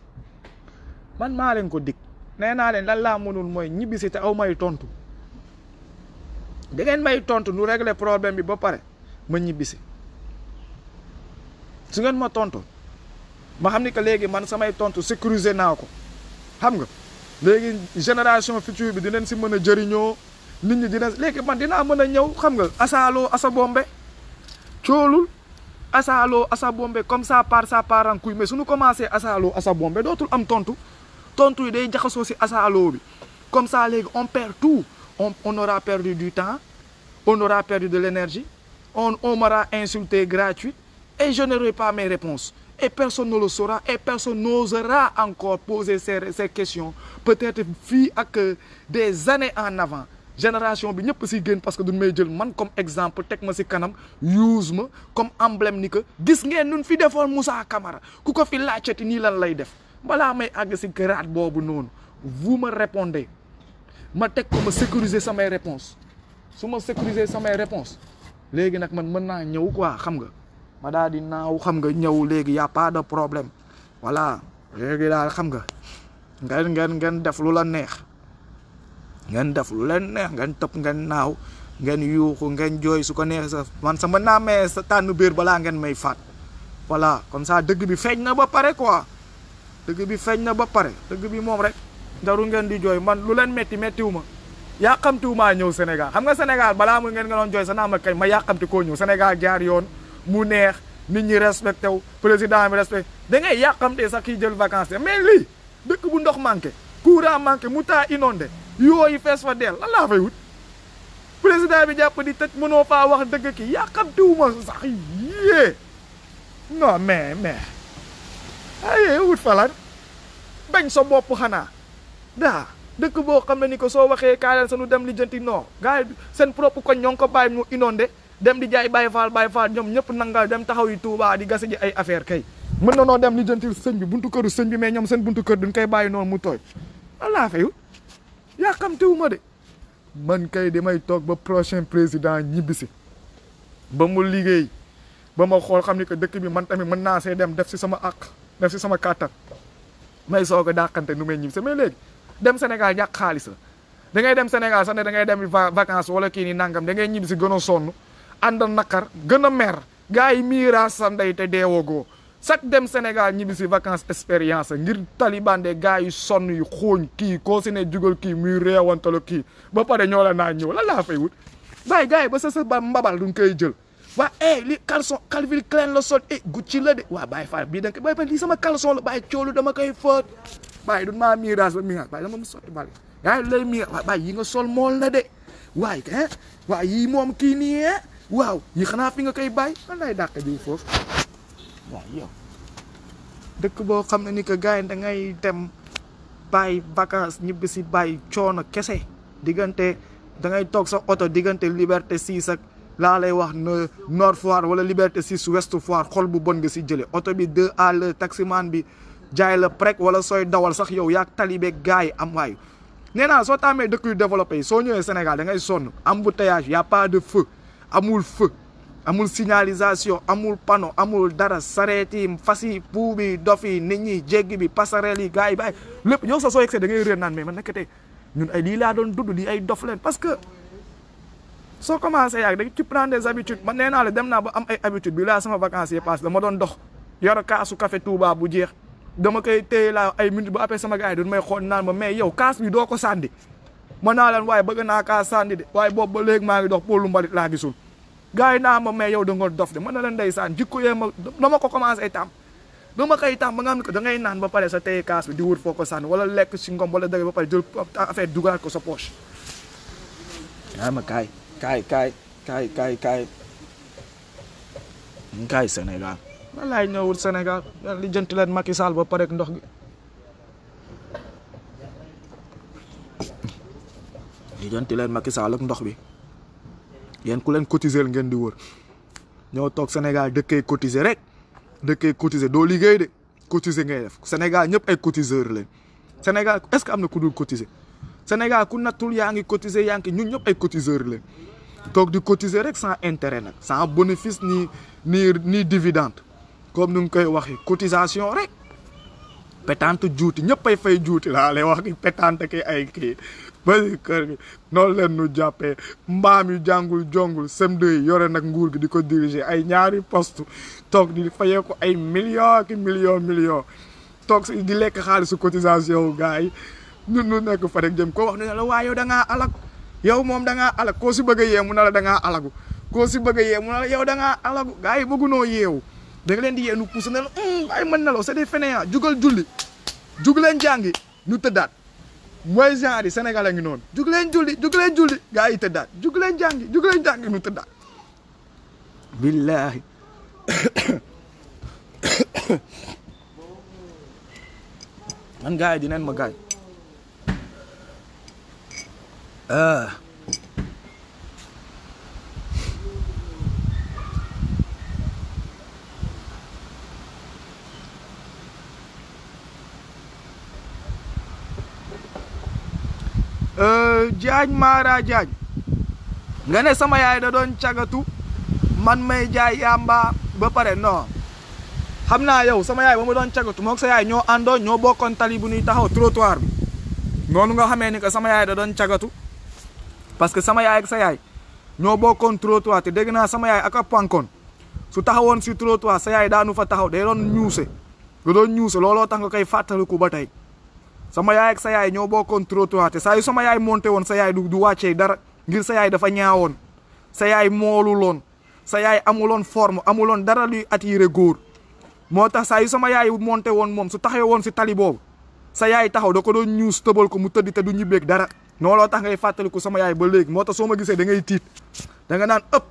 man maa leen ko dig nee naa leen lan laa mënul mooy ñibbisi te aw may tontu da ngeen may tontu nu régler problème bi ba pare ma ñibbisi su ngeen ma tontu ma xam ni que léegi man samay tontu sécuriser naa ko xam nga léegi génération future bi dinañ si mën a jëriñoo nit ñi dinañ léegi man dinaa mën a ñëw xam nga asaaloo asa bombe coolul asa bombe, comme ça part ça part en couille mais asa commencé asa bombé d'autres am tontu tontu day asa bi comme ça on perd tout on aura perdu du temps on aura perdu de l'énergie on on m'aura insulté gratuit et je n'aurai pas mes réponses et personne ne le saura et personne n'osera encore poser ces questions peut-être fi que euh, des années en avant génération bi ñëpp ci gën parce que duñ may jël man comme exemple tek ma ci kanam use ma comme emblème ni que gis ngeen ñun fi defoon Moussa Camara ku ko fi laajati ni lan lay def bala may ag ci grade bobu non vous me répondez ma tek ko ma sécuriser samay réponse suma ma sécuriser samay réponse légui nak man mën naa ñëw quoi xam nga ma daal di naaw xam nga ñëw légui y a pas de problème voilà légui daal xam nga ngeen ngeen ngeen def lu la neex ngeen def lu leen neex ngeen topp ngeen naaw ngeen yuuxu ngeen jooy su ko neex man sa mën naa may sa tànn biir balaa ngeen may faat voilà comme ça dëgg bi feeñ na ba pare quoi dëgg bi feeñ na ba pare dëgg bi moom rek jarul ngeen di jooy man lu leen métti méttiwu ma yàqamtiwumaa ñëw Sénégal xam nga Sénégal balaa mu ngeen nga doon jooy sa naa ma kañ ma yàqamti koo ñëw Sénégal jaar yoon mu neex nit ñi respecté wu président bi respecté da ngay yàqamtee sax kii jël vacances mais lii dëkk bu ndox manqué courant manqué mu taa inondé yooyu fees fa deel lan laa fay président bi jàpp di tëj mënoo faa wax dëgg ki yàqamtiwuma sax yée non mais mais aye ah, wut fa lan bañ sa bopp xanaa daa dëkk boo xam ne ni ko soo waxee kaay leen nu dem lijanti jënti non seen propre koñ ñoo ngi ko bàyyi mu inondé dem di jaay bàyyi faal bàyyi faal ñoom ñëpp nangal dem taxaw yi Touba di gase ji ay affaire kay mën na noo dem lijanti jënti sëñ bi buntu këru sëñ bi mais ñoom seen buntu kër duñ koy bàyyi noonu mu tooy wallaa yàqamtiwuma de man kay may toog ba prochain président ñibbisi ba mu liggéey ba ma xool xam ni que dëkk bi man tamit mën naa see dem def si sama ak def si sama kàttan may soog a dàqante nu may ñibbisi mais léegi dem Sénégal ñàkk xaalisa la dem Sénégal sax ne da ngay dem vacance wala kii ni nangam da ngay ñibbisi gën a sonn ànd naqar gën a mer gars yi miira sa ndey te deewoo chaque dem Sénégal ñibbi si vacances expérience ngir taliban de gars yu sonn yu xooñ kii koo si ne jugal kii muy réewantalo kii ba pare ñoo la naa ñëw lan laa fay wut bàyyi gars yi ba sa sa ba mbabal duñ koy jël waa eh li caleçon Calvin Klein la sol eh Gucci la de waa baay faal bii da nga koy bàyyi lii sama caleçon la bàyyi coolu dama koy foot bàyyi dun maa mirage ba mirage bàyyi dama mu sotti bal yaa ngi lay yi nga sol mool na de waaye eh, waa yii moom kii nii eh waaw xanaa fi nga koy bàyyi lan lay dàq foofu bon yow dëkk boo xam na ni que gars yi ngay dem bàyyi vacances ñibbi si bàyyi coono kese diggante dangay ngay toog sa oto diggante Liberté 6 ak laa lay wax ne Nord Foire wala Liberté 6 Ouest Foire xol bu bon nga si jëlee oto bi deux à l'heure taximaan bi jaay la prek wala sooy dawal sax yow yaag talibeeg gars yi am waayu nee naa soo taamee dëkk yu développé yi soo ñëwee Sénégal da ngay sonn embouteillage y' a pas de feu amul feu. amul signalisation amul panneau amul dara sareet yi fas yi puu bi dof yi nit ñi jéggi bi passerelle yi gars yi bàyyi lépp yow sax soo yegsee da ngay réer naan mais man nekkatee ñun ay lii laa doon dudd lii ay dof leen parce que soo commencé yàgg da ci prendre des habitudes man nee naa la dem naa ba am ay habitudes bi laa sama vacances yi passé dama doon dox yor kaasu café Touba bu jeex dama koy téye laa ay minutes ba ape sama gars yi doon may xool naan ma mais yow kaas bi doo ko sànni mën naa leen waaye bëgg naa kaas sànni waaye boobu ba léegi maa ngi dox pour lu mbalit laa gisul gay na ma mais yow da dof de man ne la ndeysaan jikko yee ma dama ko commencé tam dama kay tam ma ngam ko da ngay nan ba pare sa tey kaas bi di wut foko san wala lek ci ngom wala dagay ba pare jël ah, affaire dugaat ko sa poche yaa ah, ma kay kay kay kay kay kaay hmm, kaay Sénégal lan laay ñëwul senegal li jent len Macky Sall ba pare ndokh gi li jent len Macky Sall ak ndokh bi yéen ku leen cotiser ngeen di wër ñoo toog Sénégal dëkkay cotiser rek dëkkay cotiser doo liggéey de cotiser ngay def Sénégal ñëpp ay cotiseur leen Sénégal est-ce que am na ku dul cotiser Sénégal ku nattul yaa ngi cotiser yaa ngi ñun ñëpp ay cotiseur leen toog di cotiser rek sans intérêt nag sans bénéfice ni ni ni dividende comme ni nga koy waxee cotisation rek pétante juuti ñëpp ay fay juuti laa lay wax pétante ki ay kii ba kër gi noonu leen nu jàppee mbaam yu jàngul jongul semde yi yore nag nguur gi di ko diriger ay ñaari poste toog di fayee ko ay millions ki millions millions toog di lekk xaalisu cotisation gars yi ñun nekk fa rek jëm ko wax ne la waa yow da ngaa alag yow moom da ngaa alag koo si bëgg a yeemu na la da ngaa alagu koo si bëgg a yeemu yow da ngaa alagu gars yi bëggunoo yeewu da leen di yeenu pousse ne la hmm, ay mën na la c'est des fainéants jugal julli jug leen jàngi ñu tëddaat mooy genre yi Sénégal a ngi noonu jug leen julli jug leen julli gaayi yi tëddaat jug leen jàngi jug leen jàngi nu tëddaat billaahi man gaa yi ma gaañ Eh, Diagne Mara Diagne nga ne sama yaay da doon cagatu man may jaay yàmba ba pare non xam naa yow sama yaay ba mu doon cagatu moo sa yaay ñoo àndoon ñoo bokkoon tali bu ñuy taxaw trotoire bi noonu nga xamee ni que sama yaay da doon cagatu parce que sama yaay sa yaay ñoo bokkoon trottoir te dégg naa sama yaay ak a pankoon su taxawoon si trottoir sa yaay daanu fa taxaw day doon ñuuse nga doon ñuuse looloo tax nga koy ku ba tey sama yaay ak sa yaay ñoo bokkoon trop te sa yu sama yaay monté won sa yaay du du waccé dara ngir sa yaay dafa ñaawon sa yaay mooluloon sa yaay amuloon forme amuloon dara luy attirer goor motax sa yu sama yaay monté won mom su taxé won ci tali bob sa yaay taxaw da ko do news tëbal ko mu tëdd té du ñibé ak dara no lo tax ngay fatali ko sama yaay ba léegi motax soma soo da ngay tit da nga naan ëpp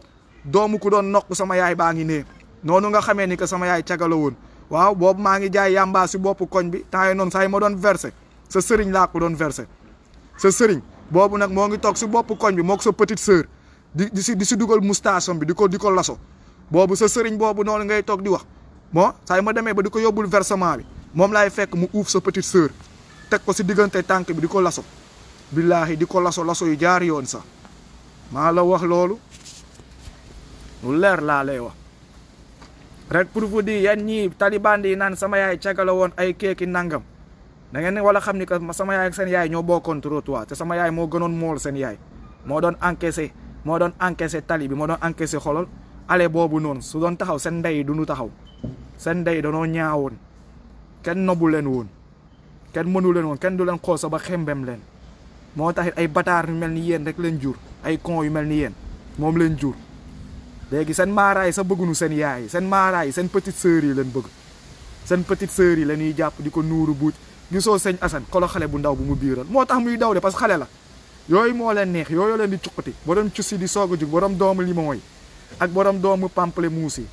doomu ku doon nokku sama yaay baa ngi nee noonu nga xamé ni que sama yaay cagala waaw bob maa ngi jaay yamba ci bop koñ bi temps non say mo yi ma doon versé sa serigne la ko don verser sa serigne bobu nak mo ngi tok si bop koñ bi mok sa petite sœur di di di ci dugal moustaasam bi di diko di bobu laso boobu sa sëriñ boobu noonu ngay tok di wax mo say ma demee ba diko yobul versement bi mom lay fekk mu ouf sa petite sœur tek ko ci digënté tank bi di lasso billahi di lasso lasso yu jaar yoon sa ma la wax lolu lu leer la lay wax rek pour vous dire yan taliban di nan sama yaay ciagalawon ay keki nangam da ngeen wala xam ni que sama yaay ak seen yaay ñoo bokkoon trottoir te sama yaay moo gënoon mool seen yaay moo doon encaissé moo doon encaissé tali bi moo doon encaissé xolol ale boobu noonu su doon taxaw seen ndey du ñu taxaw seen ndey danoo ñaawoon kenn nobu leen woon kenn mënu leen woon kenn du leen xoosa ba xembem leen moo taxit ay bataar yu mel ni yéen rek leen jur ay con yu mel ni yéen moom leen jur léegi seen maaraay sa bëggunu seen yaay seen maaraay seen petite sœur yi leen bëgg seen petite sœur yi la ñuy jàpp di ko nuuru buuj so señ Assane kolo xalé bu ndaw bu mu biiral motax muy daw parce xalé la yoy mo leen neex yooyu leen di cuci borom ciusi di sogu a borom doomu li moy ak borom doomu pample musi,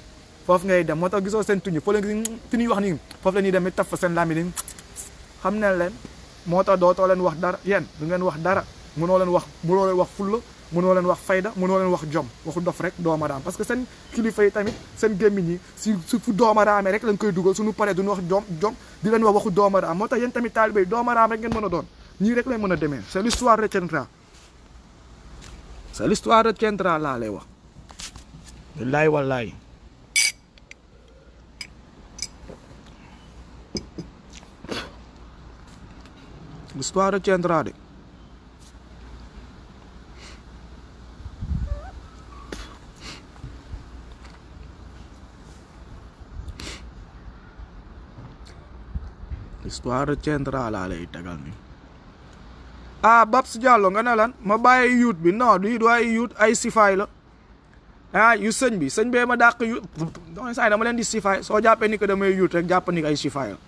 fof ngay dem motax giso señ tuñu fo leen fi ñuy wax ni fof la ñuy dem taf sen lami làmmi ni xam wah leen moo tax leen wax dara du ngeen wax dara leen wax leen wax fulu mënoo leen wax fayda mënoo leen wax jom waxu dof rek doomadaam parce que seen kilifa yi tamit seen gémmiñ yi si su fu doomaraame rek lañ koy dugal suñu paree duñu wax jom jom di leen wax waxu doomadaam moo tax yéen tamit taalibe yi doomadaam rek ngeen mën a doon ñii rek lañ mën a demee c'est l'histoire retiendra c'est l'histoire retiendra laa lay wax wallaay wallaay l'histoire retiendra laa lay tegal ni ah Babs Diallo nga ne lan ma bàyyi yuut bi non du ay yuut ay sifaay la ah yu sëñ bi sëñ bee ma dàq yuut donc saa dama leen di sifaay soo jàppee ni que damay yuut rek jàpp ni ay sifaay la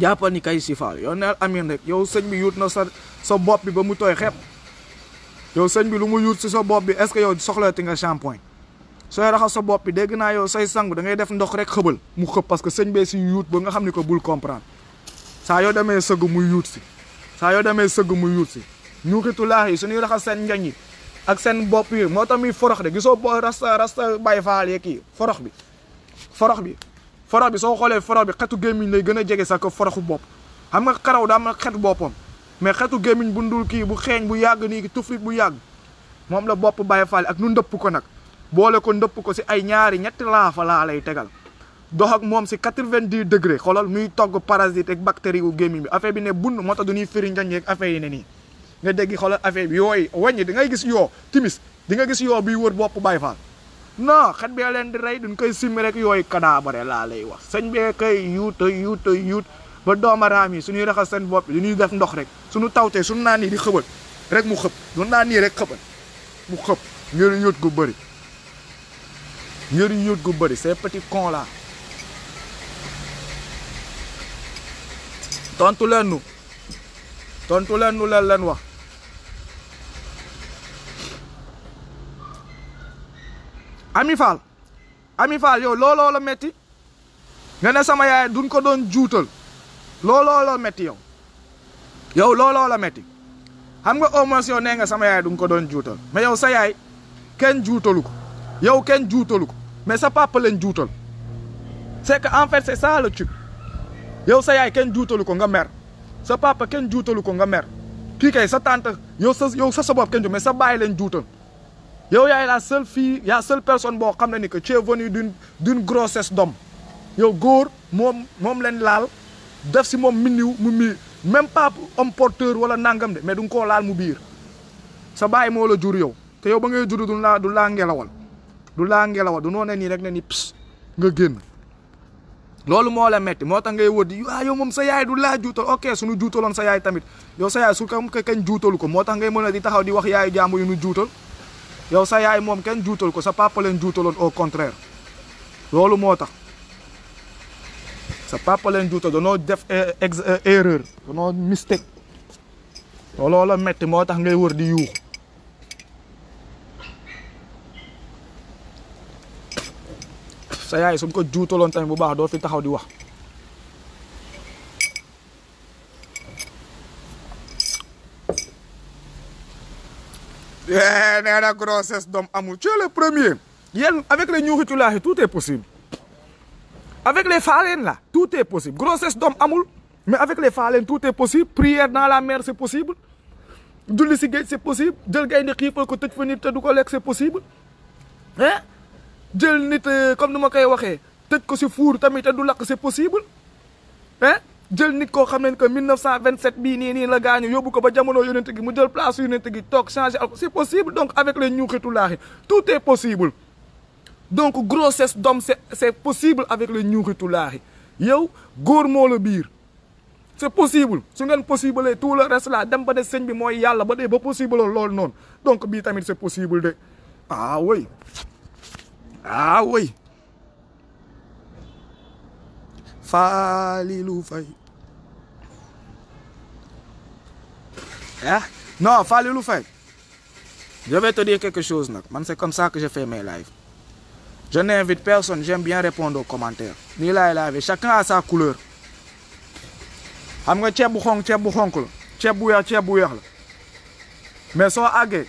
jàppal ni kay sifaay yow neel amin rek yow sëñ bi yuut na sa sa bopp bi ba mu tooy xepp yow sëñ bi lu mu yuut si sa bopp bi est-ce que yow soxlaati nga sooy raxas sa bopp bi dégg naa yow sooy sangu dangay ngay def ndox rek xëbal mu xëb parce que sëñ bee si yuut ba nga xam ni ko bul comprendre saa yoo demee sëgg muy yuut si saa yoo demee sëgg muy yuut si ñuuxitu laax yi suñuy raxas seen njoñ yi ak seen bopp yi moo tamit forox de gisoo bo rasta rasta bàyyi faal yeeg kii forox bi forox bi forox bi soo xoolee forox bi xetu gémmiñ lay gën a jege sax ko foroxu bopp xam nga xaraw daa ma xetu boppam mais xetu gémmiñ bu ndul kii bu xeeñ bu yàgg nii tuflit bu yàgg moom la bopp bàyyi faal ak nu ndëpp ko nag boole ko ndëpp ko si ay ñaari ñetti laafa laa lay tegal dox ak moom si quatre-vingt-dix degré xoolal muy togg parasite ak bactérie wu gémmiñ bi affaire bi ne bund moo tax du ñuy firi njañ yeeg affaire yi ne nii nga dégg xoolal affaire bi yooyu wàññi di ngay gis yoo timis di nga gis yoo biy wër bopp Baay Faal non xet bee leen di rey duñ koy simmi rek yooyu kadaabare laa lay wax sëñ bee koy yuuta yuuta yuut ba doomaraam yi suñuy raxas seen bopp yi ñuy def ndox rek suñu tawtee suñu naan nii di xëbal rek mu xëb du naan nii rek xëbal mu xëb ngir gu bëri yër yóot gu bëri ces petits cons tontu leen nu tontu leen nu leen leen wax Ami Fall yow looloo meti metti nga ne sama yaay duñ ko doon juutal looloo la yow yow looloo la metti xam nga au yow nee nga sama yaay duñ ko doon juutal mais yow sa yaay kenn juutalu ko yow kenn juutalu ko mais sa papa lañ juutal c'est que en fait c'est ça le truc yow sa yaay kenn juutalu ko nga mer sa papa kenn juutalu ko nga mer kii kay sa tante yow sa yow sa sa bopp kenn ju mais sa baay lañ juutal yow yaay la seule fii la seule personne boo xam ne ni que tu es venu d'une d'une grossesse d'homme yow góor moom moom leen laal def si moom miniw mu mi même pas homme porteur wala nangam de mais du nga laal mu biir sa baay moo la jur yow te yow ba ngay jur du du laa ngelawal du laa wa du noné ni rek né ni ps nga genn lolou mo la metti motax ngay wodi di yow mom sa yaay du laa juutal ok suñu juutaloon sa yaay tamit yow sa yaay su kam ko motax ngay mën di taxaw di wax yaay jaamu yu nu juutal yow sa yaay mom ken juutal ko sa papa len juutaloon au contraire lolou motax sa papa leen error, danoo def eh, eh, erreur mistake lolou la metti motax ngay wodi yu sa grossesse d'homme tu es le premier avec les nourritures tout est possible avec les là tout est possible grossesse d'homme mais avec les tout est possible prière dans la mer c'est possible De c'est possible jël te c'est possible hein? jël nit euh, comme nous ma koy waxee tëj ko ci four tamit te du lak c'est possible hein jël nit ko xam ne que 1927 bi ni ni la gañu yobou ko ba jamono yonent gi mu jël place yonent gi toog changé c'est possible donc avec les ñuuxitulaaxi tout est possible donc grossesse d'homme c'est c'est possible avec les ñuuxitulaaxi yow gor mo le bir, c'est possible su ngeen possible tout le reste là dem ba ne seigne bi moy yalla ba dee ba possible lol non donc bi tamit c'est possible de ah oui ah oui Falilou Fay hein? non Falilou Fay je vais te dire quelque chose c'est comme ça que je fais mes lives je n'invite personne j'aime bien répondre aux commentaires nii laay live chacun a sa couleur xam nga ceeb bu xonk bu xonk la bu mais sois agé.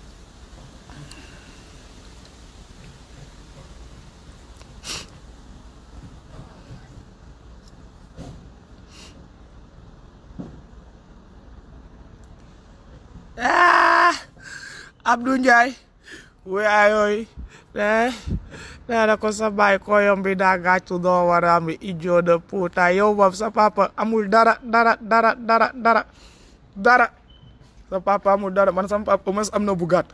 Ah, Abdou Ndiaye waayooy ne eh, nee na ko sa baay koyom bi daa gàccu doo waraami ijoo de puuta sa papa amul dara dara dara dara dara sa papa amul dara man sama papa mas am na bu gàtt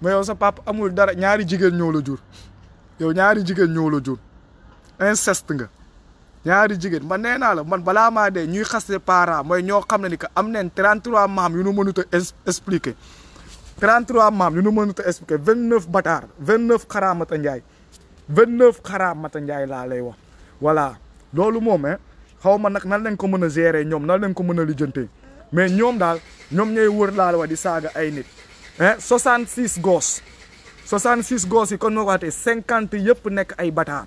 mais yow sa papa amul dara ñaari jigéen ñoo la ñaari jigéen ñoo la nga ñaari jigéen man nee naa la man balaa maa dee ñuy xaste parents mooy ñoo xam ne ni que am neen 33 maam yu nu mënut a expliquer 33 maam yu nu mënut a expliquer 29 bataar 29 xaraamata njaay 29 xaraamata njaay laa lay wax voilà loolu moom xaw ma nag nan lañ ko mën a gérer ñoom nan lañ ko mën a lijjantee mais ñoom daal ñoom ñooy wër laa la wax di saaga ay nit ah 66 gos 66 gos yi kon moo ko waxatee 50 yëpp nekk ay bataar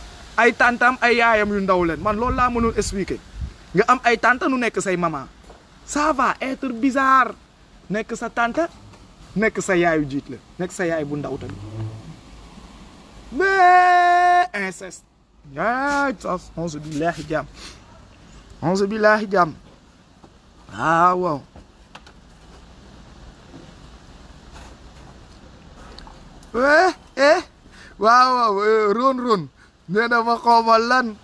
ay tantam ay yaayam yu ndaw leen man lool laa mënoon expliquer nga am ay tante nu nekk say mama ça va être bizarre nekk sa tante nekk sa yaayu jiit la nekk sa yaay bu ndaw tamit mais inceste yaay sas onze billaahi jàmm onze billaahi jàmm ah, eh, eh. waaw waaw waaw eh, ron nee na ma xawma lan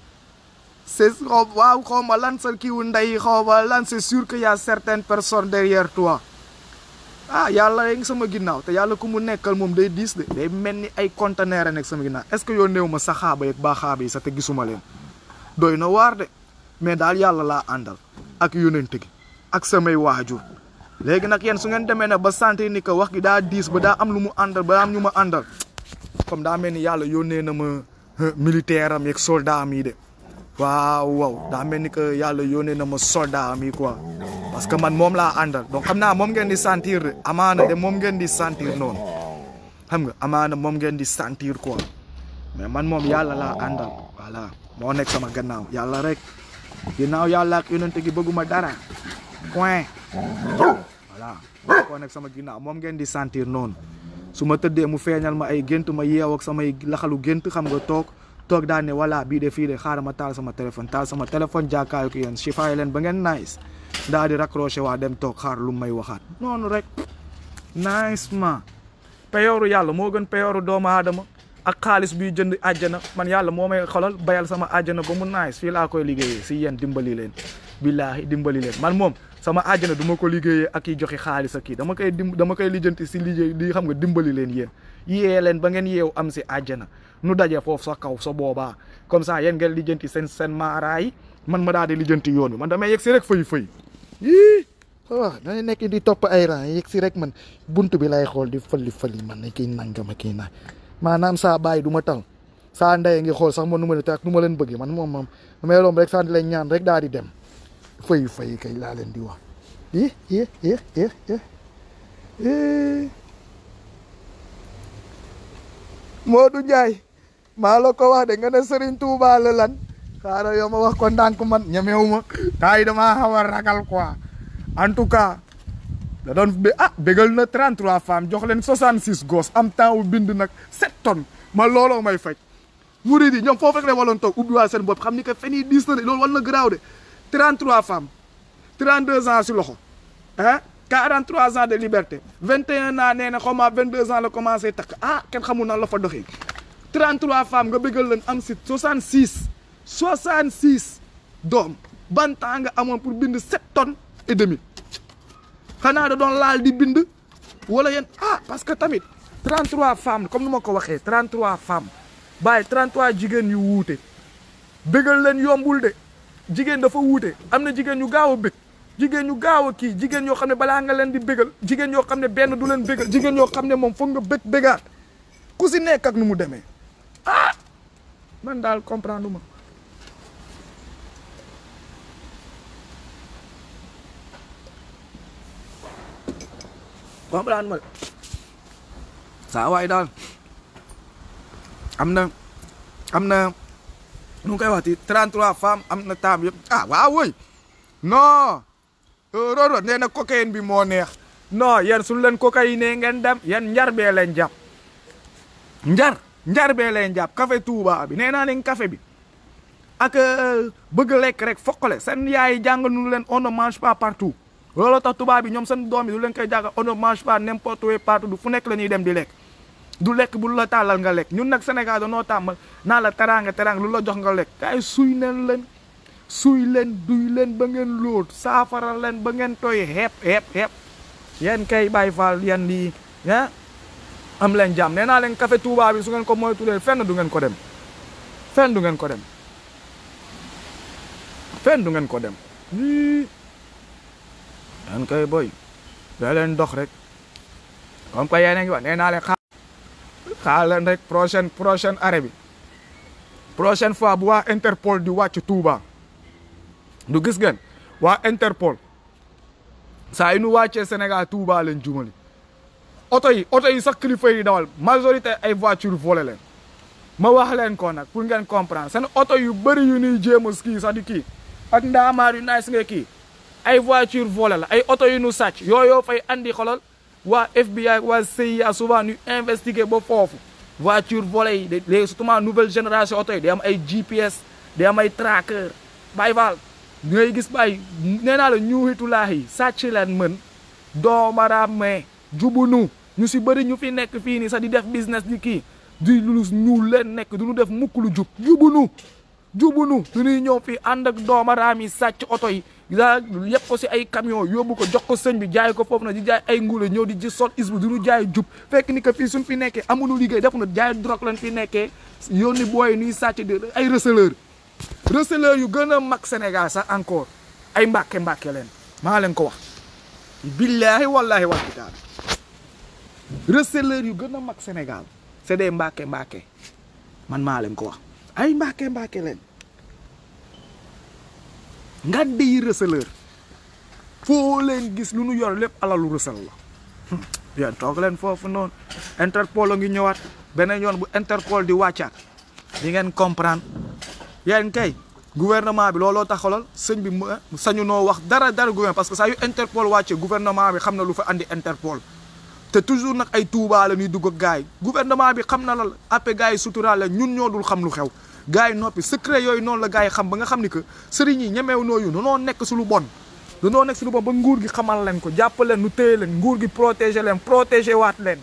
c'est xaw waaw lan sa kiiwu ndey xawma lan c'est sur que y a certaines personnes derrière toi ah yàlla rek sama ginnaaw te yàlla ku mu nekkal moom day diis de day mel ni ay conteneur a nekk sama ginnaaw est-ce que yow néew ma saxaaba yeeg baaxaaba yi sax te gisuma leen doy na waar de mais daal yàlla laa àndal ak yonent gi ak samay waajur léegi nag yéen su ngeen demee ne ba santé ni ko wax gi daa diis ba daa am lu mu àndal ba am ñu ma àndal comme daa mel ni yàlla yónnee na ma militaire am yeeg soldat de waaw waaw daa mel ni que yàlla yónnee na ma soldat am parce que man moom laa àndal donc xam naa moom ngeen di sentir de amaana de moom ngeen di sentir noon xam nga amaana moom ngeen di santir quoi mais man moom yàlla laa àndal voilà moo nekk sama gannaaw yàlla rek ginnaaw yàlla ak yonente gi bëgguma dara point voilà moo nekk sama ginnaaw moom ngeen di santir noonu. su ma tëddee mu feñal ma ay gentu ma yew ak sama laxalu gént xam nga tok tok da ne wala bi de fi de xara ma tal sama telephone tal sama telephone jàkkaayu ko yéen shifa yelen ba ngeen nice da di raccrocher wa dem tok xar lu may waxat rek nice ma peyoru yalla mo gën payoru doomu adama ak xaliss bi jënd aljana man yalla moo may xolal bayal sama aljana ba mu nice fi la koy liggéeyee si yeen dimbali len billahi dimbali len man mom sama àjjana du ma ko liggéeyee ak i joxe xaalis ak kii dama koy dim dama koy lijjanti si liggéey li xam nga dimbali leen yéen yiyee leen ba ngeen yeew am si àjjana nu daje foofu sa kaw sa boobaa comme ça yéen ngeen lijjanti seen seen maaraay man ma daal di lijjanti yoon wi man damay yegg si rek fëy fëy yii ah, nekk di topp ay rang yegg si rek man buntu bi lay xool di fëli fëli man ki kii nangam ak kii naan maanaam saa bàyyi du ma tal saa ndey ngi xool sax man nu ma leen nu ma leen bëggee man moom moom damay romb rek saa di leen ñaan rek daal di dem fay fay kay laa leen di wax eh eh eh eh, eh. eh. maa la ko wax de nga ne Serigne Touba la lan xaaral yow ma wax ko ndànk man ñemewuma tay damaa xaw a ragal quoi en tout cas da doon ah bégal na 33 femmes jox leen 66 gosses am temps wu bind nag 7 tonnes ma looloo may faj murid yi ñoom foofu rek la waloon toog ubbi waa seen bopp xam ni que fen diis na de loolu war na garaaw de 33 femmes 32 ans sur le hein, 43 ans de liberté 21 ans 22 ans le commencé faire. ah kenn a nan la fa 33 femmes 66 66 d'hommes, pour 7 tonnes et demi da di bind ah parce que tamit 33 femmes comme je ma ko 33 femmes 33 jigen yu wouté. bëggal yomboul jigéen dafa wuute am na jigéen ñu gaaw a bëgg jigéen ñu gaaw a kii jigéen yoo xam ne balaa nga leen di bégal jigéen yoo xam ne benn du leen bégal jigéen yoo xam ne moom foog nga bëgg bégaat ku si nekk ak nu mu demee ah man daal comprendre ma comprendre ma daal am na am na Nunca é batido. Tarantula farm, am na tam yep. Ah, No. Eh, ro ro ne na cocaïne bi moo neex. Non, yéen suñ leen cocaïne ngeen dem, yéen njar bee leen jàpp. Njar, njar bee leen jàpp. Café Touba bi, nee naa leen bi. Ak eh, bëgg lekk rek fokkale. Seen yaay jàng nu leen on ne mange pas partout. Loolu tax tubaab bi ñoom seen doom du leen koy jàngal on ne mange pas n'importe où partout du fu nekk la dem di du lekk bu lu la tàllal nga lekk ñun nag Sénégal danoo tàmm naa la teraanga teraanga lu la jox nga lekk kaay suy neen leen suy leen duy leen ba ngeen lóot saafara leen ba ngeen tooy xeeb xeeb xeeb yeen kay Baay Faal yen lii ah am leen jàmm nee naa leen café Touba bi su ngeen ko moytuwulee fenn du ngeen ko dem fenn du ngeen ko dem fen du ngeen ko dem yan kay boy da leen dox rek comme que yéen a ngi wax nee naa leen xaar leen rek prochaine prochaine arrêt bi prochaine fois bu waa Interpol di wàcc Touba du gis ngeen waa Interpol saa yi nu wàccee Sénégal Touba jumali oto yi oto yi sax kilifa yi dawal majorité ay voiture volé ma wax leen ko nag pour ngeen comprendre seen oto yu bëri yu ñuy jéem kii sax kii ak ndaamaar yu naaj si nga ay voiture volé ay oto nu sàcc yooyoo fay andi xolol waa FBI ak waa CIA souvent ñu investigué ba foofu voiture volée yi léegi surtout nouvelle génération oto yi day am ay GPS day am ay tracker bàyyi faal ngay gis bàyyi nee naa la ñuuxitulaax yi sàcc leen mën doomaraame jubunu ñu si bëri ñu fi nekk fii nii sax di def business di kii di lu ñu leen nekk du ñu def mukk lu jub jubunu jubunu du ñuy ñëw fii ànd ak doomaraam yi sàcc oto yi daa yëpp ko si ay camion yóbbu ko jox ko sëñ bi jaay ko foofu na di jaay ay nguule ñëw di ci sol isbu du ñu jaay jub fekk ni que fii suñ fi nekkee amuñu liggéey def na jaay drogue lañ fi nekkee yónni booy nuy sàcc di ay receleur receleur yu gën a mag Sénégal sax encore ay mbàkke mbàkke leen maa leen ko wax billaahi wallaahi wal kitaab receleur yu gën a mag Sénégal c'est mbake mbàkke man maa leen ko wax ay mbàkke mbàkke leen ngàdd yi receleur foo leen gis lu nu yor lépp alalu resel la yéen toog leen foofu noonu Interpol a ngi ñëwaat beneen yoon bu Interpol di wàccaat di ngeen comprendre yéen kay gouvernement bi looloo taxalal sëñ bi eh, sañu noo wax dara dara gouvernement parce que sa yu Interpol wàccee gouvernement bi xam na lu fa andi Interpol te toujours nag ay Touba la ñuy dugg ak gars gouvernement bi xam na la appe gars yi suturaale ñun ñoo dul xam lu xew gars yi noppi secret yooyu noonu la gars yi xam ba nga xam ni que sëriñ yi ñemeew nooyu danoo nekk su lu bon danoo nekk su lu bon ba nguur gi xamal leen ko jàpp leen nu téye leen nguur gi protéger leen protéger waat leen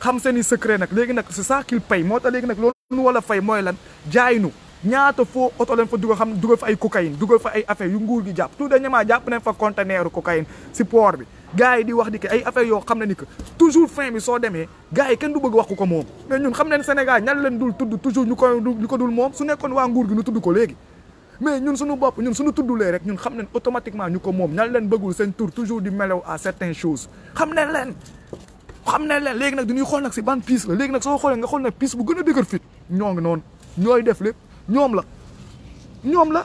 xam seen i secret nag léegi nag c'est ça pay moo tax léegi nag loolu nu wala fay mooy lan jaay nu ñaata foo oto leen fa dugal xam dugal fa ay cocaïne dugal fa ay affaire yu nguur gi jàpp tout dernièrement jàpp nañ fa conteneur cocaïne si port bi gars yi di wax di ko ay affaire yoo xam ne ni que toujours fin bi soo demee gars yi kenn du bëgg wax ko moom mais ñun xam nañ Sénégal ñan leen dul tudd toujours ñu koy ñu ko dul moom su nekkoon waa nguur gi ñu tudd ko léegi mais ñun suñu bopp ñun suñu tuddulee rek ñun xam nañ automatiquement ñu ko moom ñan leen bëggul seen tur toujours di melew à certaines choses xam nañ leen xam nañ leen léegi nag dañuy xool nag si ban piis la léegi nag soo xoolee nga xool nag piis ñoo ngi noonu ñooy def lépp ñoom la ñoom la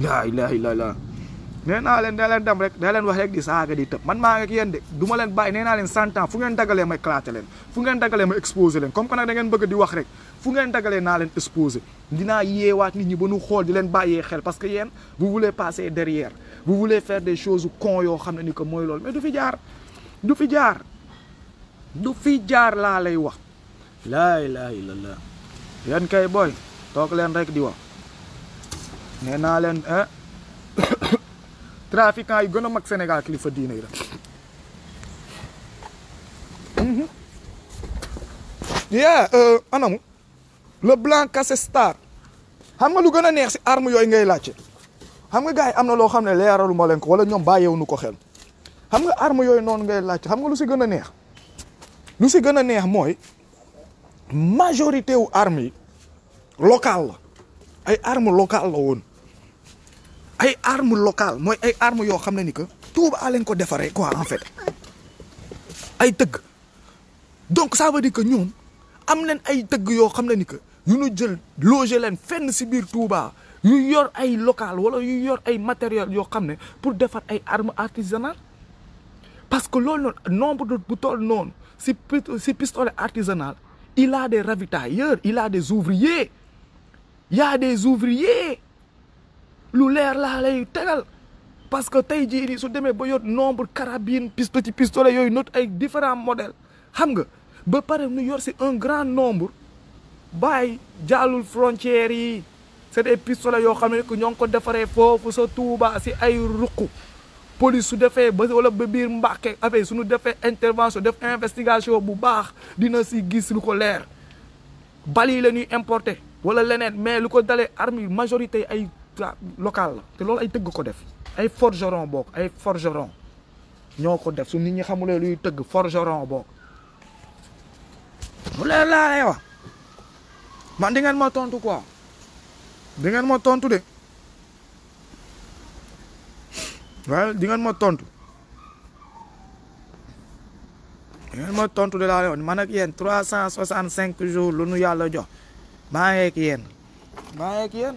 laa ilaha illa nee len da len dam rek da len wax rek di saaga di tepp man ma ngi ak yéen de du ma len bàyyi nee naa ans fu ngeen dagale may éclaté len fu ngeen dagale may exposer len comme que nak da ngeen bëgg di wax rek fu ngeen dagale na len exposer dina yéwaat nit ñi ba nu xol di len bàyyee xel parce que yeen vous voulez passer derrière vous voulez faire des choses con yo xam ni ko moy lool mais du fi jaar du fi jaar du fi jaar la lay wax la ilaha illallah yeen kay boy tok len rek di wax nee len eh trafiquant yi gën a mag Sénégal kilifa diine yi la mhm. euh, anamu le blanc cassé star xam nga lu gën a neex si arme yooyu ngay laajte xam nga gars yi am na loo xam ne leeralu ma leen ko wala ñoom bàyyeewuñu ko xel xam nga arme yooyu noonu ngay laajte xam nga lu si gën a neex lu si gën a neex mooy majorité wu arme yi local la ay arme local la woon ay armes locales moy ay armes yo xam ni que Touba lañ ko défaré quoi en fait ay tëgg donc ça veut dire que ñoom am len ay tëgg yo xam ni que ñu ñu jël loger len fenn ci biir Touba ñu yor ay local wala ñu yor ay matériel yo xam pour defar ay armes artisanales parce que lool non nombre de bu toll noonu ci pistolet artisanal il a des ravitailleurs il a des ouvriers il y a des ouvriers lu leer laa lay tegal parce que tey jii nii su demee ba yot nombre carabine pistolet pistolet yooyu not ay différents modèles xam nga ba pare nu yor si un grand nombre bàyyi jàllul frontières yi c'est des pistolets yoo xam ne que ñoo ngi ko defaree foofu sa Touba si ay ruq police su defee ba wala ba biir Mbàkke affaire suñu defee intervention def investigation bu baax dina si gis lu ko leer bali la ñuy importer wala leneen mais lu ko dalee armes majorité ay local té lool ay teug ko def ay forgeron bok ay forgeron ñoo ko def su nit ñi xamulé luy teug forgeron bok mu leer la lay wax man di ngeen ma tontu quoi di ngeen ma tontu dé wal di ngeen ma tontu di ngeen ma tontu dé la lay wax man ak yeen 365 jours lu ñu yalla jox ma ngay ak yeen ma ngay ak yeen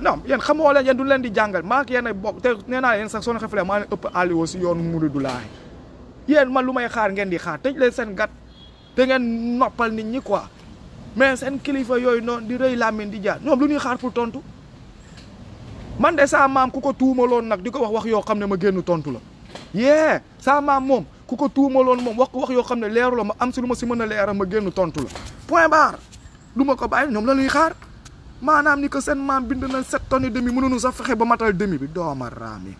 non yéen xamoo leen yéen du leen di jàngal maa ak yéen ay bokk te nee naa yéen sax soo xeflee maa leen ëpp àlliwoo si yoonu muridu laay yéen man lu may xaar ngeen di xaar tëj leen seen gat te ngeen noppal nit ñi quoi mais seen kilifa yooyu noonu di rëy làmmiñ di jaar ñoom lu ñuy xaar pour tontu man de saa maam ku ko tuumaloon nag di ko wax wax yoo xam ne ma génn tontu la yee saa maam moom ku ko tuumaloon moom wax wax yoo xam ne leeru la ma am si lu ma si mën a leeral ma génn tontu la point barre du ma ko bàyyi ñoom la ñuy xaar manam ni ko sen mam bind na 7 tonne demi demi nu sa fexé ba matal demi bi doma raam yi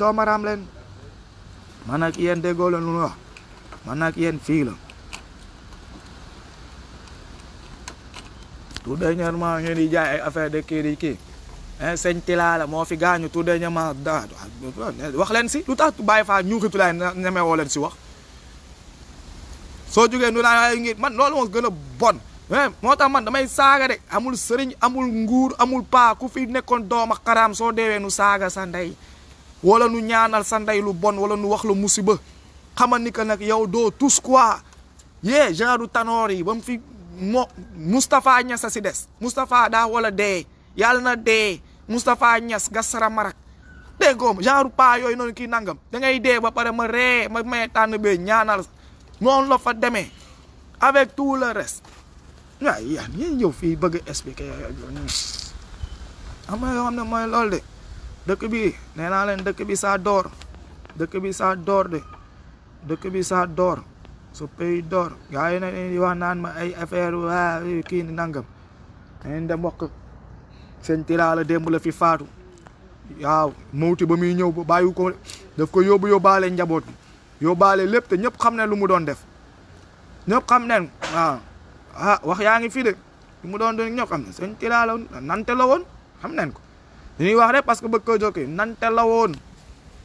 ram len man ak yéen de leen lu wax man ak yéen fi la tout dernièrement ngeen di jaay ay affaire de kéri ki hein eh, señ tilala mo fi gaañu tout dernièrement da wax len si lu tax bàyyi faa ñuuxitulaay ñemewoo leen si wax so nu la ngi man lolu mo gëna bonne moo tax man damay saaga de amul sëriñ amul nguur amul paa ku fi nekkoon dooma xaraam soo deewee nu saaga sa wala nu ñaanal sa ndey lu bon wala nu wax la musiba xamal ni que nag yow doo tus quoi yee genre tanoor yi ba mu fi mo Moustapha Niass a si des Moustapha daa wala dee yàlla na dee Moustapha ñas gasara marak déggoom genre paa yooyu noonu kii nangam da ngay dee ba pare ma ree ma may tànn bee ñaanal moon la fa demee avec tout le reste waaw yaa ngeen ñëw fii bëgg expliqué am na yoo xam ne mooy loolu de dëkk bi nee naa leen dëkk bi saa door dëkk bi saa door de bi saa door su pays door naan ma ay affaire waa nangam neen dem wax seen tiraa la démb la fi faatu waaw mawti ba muy ñëw ba bàyyi ko daf ko yóbbu yóbbaale njaboot bi yóbbaale lépp te ñëpp xam ne lu mu doon def ñëpp xam ne waaw ah wax yaangi fi de mu doon doon ñok xam ne sëñ Tila la woon nante la won xam nañ ko dañuy wax rek parce que bëkk ko jokkee nante la won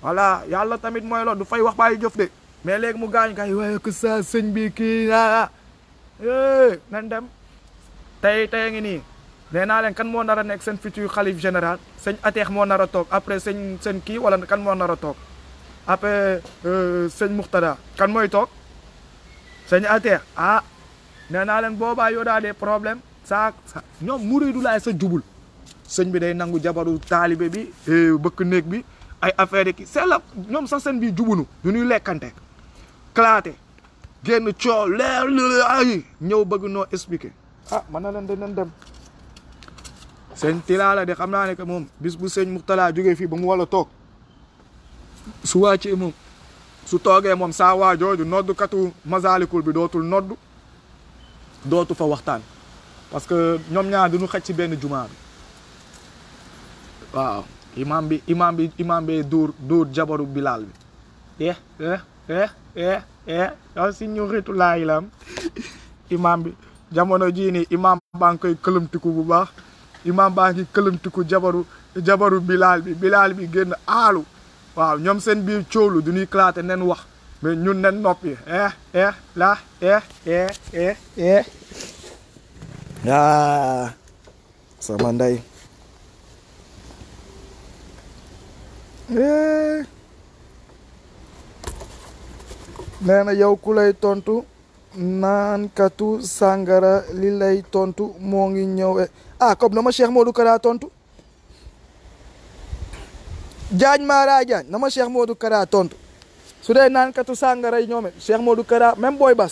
wala yalla tamit moy loolu du fay wax baye jëf de mais légui mu gañ kay waaye ko sa señ bi ah, ah. eh, nan dem tey tay ngi ni nee naa kan mo nara nek señ seen futur xalif général señ atex mo nara tok après señ señ ki wala kan mo nara tok après euh señ muxtada kan moy tok sëñ ate ah nee naa leen boobaa yoo daa des problèmes saa ñoom muridu laay sa jubul sëñ bi day nangu jabaru taalibe bi eh, bëkk néeg bi ay affaire ki c'est la ñoom sax seen bi jubunu ñu ñuy lekkante claate génn coow leer ay ñëw bëgg noo expliquer ah mën na leen dinañ dem sëñ Tilaala de xam naa ne que moom bis bu sëñ Muxtala jóge fii ba mu wala toog su wàccee moom su toogee moom saa waa jooju noddkatu masalikul bi dootul nodd dootu fa waxtaan parce que ñoom ñaar duñu xaj ci benn jumaa bi waaw imaam bi imaam bi imaam bi duur duur jabaru bilaal bi eh eh eh eh eh yow si ñu xitu laay imam am imaam bi jamono jii nii imaam baa koy këlëmtiku bu baax imaam baa ngi këlëmtiku jabaru jabaru bilaal bi bilaal bi génn aalu waaw ñoom seen biir coolu du ñuy claate nen wax mais ñun nañ noppi eh eh, eh, eh, eh yaa sama ndey nee na yow ku lay tontu naankatu sàngara li lay tontu moo ngi ñëwee ah comme na ma Cheikh Modou Kara tontu Diagne Mara Diagne na ma Cheikh Modou Kara tontu su dee naankatu sàngara yi ñoom it Cheikh Modou Kara même booy bas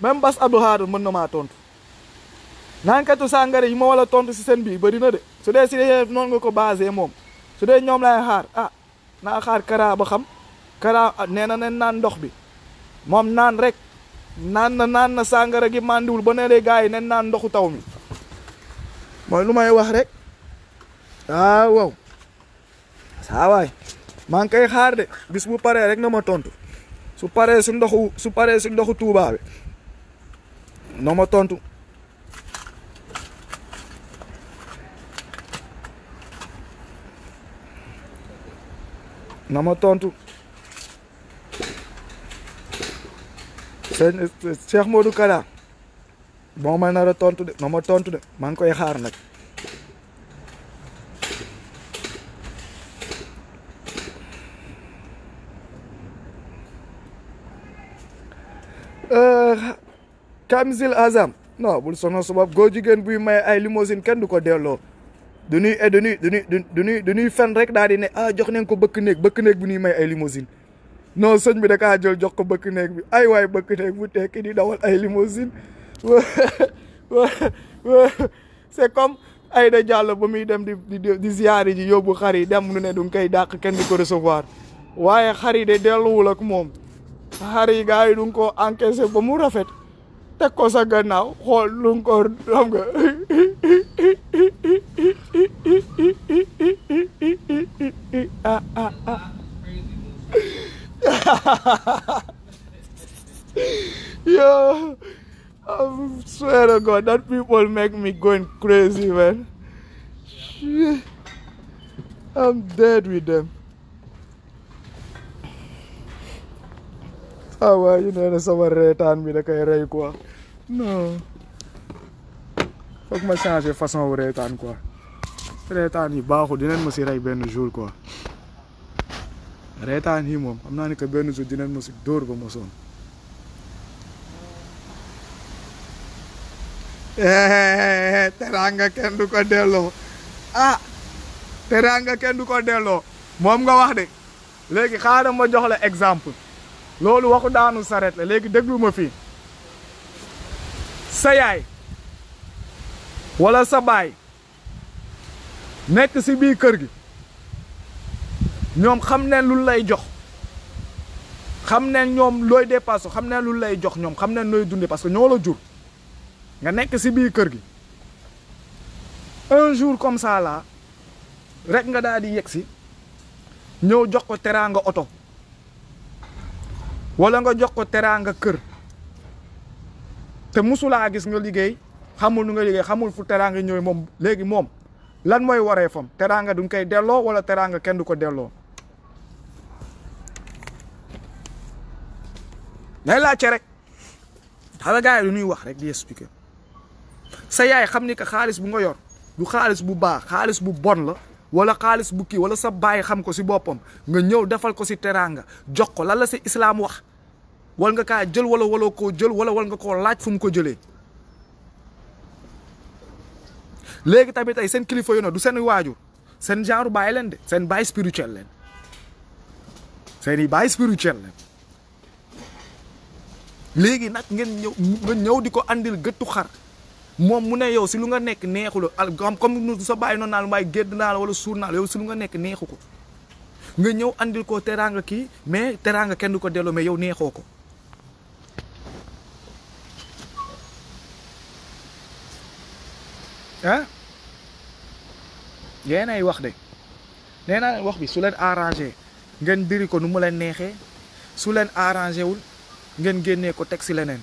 même bas Abdou Khadre mën na maa tontu naankatu sàngara yi ma wala tontu si seen bii bëri na de su dee si noonu nga ko baase moom su dee ñoom laay xaar ah naa xaar Kara ba xam Kara ah, nee na nen naan ndox bi moom naan rek naan na naan na sàngara gi màndiwul ba ne lee gars yi nen naan ndoxu taw mi mooy lu may wax rek ah, waaw waaw maa ngi koy xaar de bis bu paree rek na tontu su paree si ndoxu su paree si ndoxu Tuuba bi tontu na tontu sëñ Cheikh Modou Kara moo ma nar a tontu de na ma tontu de maa ngi koy xaar nag. Euh, Kamzil Azam non bul sono sa bopp góor jigéen buy may ay limosine kenn du ko delloo du eh, ñuy du ñuy du ñuy du fen rek daal di ne ah jox nañ ko bëkk néeg bëkk néeg bu ñuy may ay limousine non sëñ bi da a jël jox ko bëkk néeg bi ay waay bëkk néeg bu tekki di dawal ay limousine c'est ay Aïda Diallo ba muy dem di di ziyaari ji bu xar yi dem nu ne du nga koy dàq kenn du ko recevoir waaye xar yi de delluwul ak moom. xar yi gars yi du nga ko encaissé ba mu rafet teg ko sa gannaaw xool lu ko xam nga ah ah ah yo I swear to God that people make me going crazy man I'm dead with them ah waa nee na sama reetaan bi da koy rey ko non foog ma changer façon wu reetaan quoi reetaan yi baaxul dinañ ma si rey benn jour quoi reetaan yi moom xam naa ni que benn jour dinañ ma si dóor ba ma sonn eh, teraanga kenn du ko a ah nga kenn du ko delloo moom nga wax de léegi xaaral ma jox la exemple loolu waxu daanu saret la léegi déglu ma fii sa yaay wala sa baay nekk si biir kër gi ñoom xam neen lu lay jox xam ne ñoom looy dépassé xam ne lu lay jox ñoom xam ne looy dundee parce que ñoo la jur nga nekk si biir kër gi un jour comme ça là rek nga daal di yegg si ñëw jox ko teraanga oto wala nga jox ko teraanga kër te musulaa gis nga liggéey xamul nga liggéey xamul fu teraanga ñoy mom, léegi mom lan moy waré fam teraanga duñ koy wala teranga kenn du ko delloo la ci rek xam gaay lu ñuy wax rek di expliquer sa yaay xamni ka xaaliss bu nga yor du xaaliss bu baax xaaliss bu bon la wala xaalis buki, wala sa baye xam ko ci boppam nga ñew defal ko ci teranga jox ko lan la si islam wax wal nga ka jël wala wala ko, jël wala wal nga ko laaj fu mu ko jëlé légui tamit ay sen kilifa yu ne du sen waju sen genre baye len de sen baye spirituel len sen baye spirituel len légui nak ngeen ñew di andil geettu xar moom mu ne yow si lu nga nekk neexu al comme sa bàyyi noonu naa la waaye gédd naa la wala suur naa la yow si lu nga nekk neexu ko nga ñëw andil ko teraanga kii mais teraanga kenn du ko delloo mais yow neexoo ko. ah yéen ay wax de nee naa wax bi su leen arrangé ngeen diri ko nu mu leen neexee su leen arrangé wul ngeen génnee ko teg si leneen.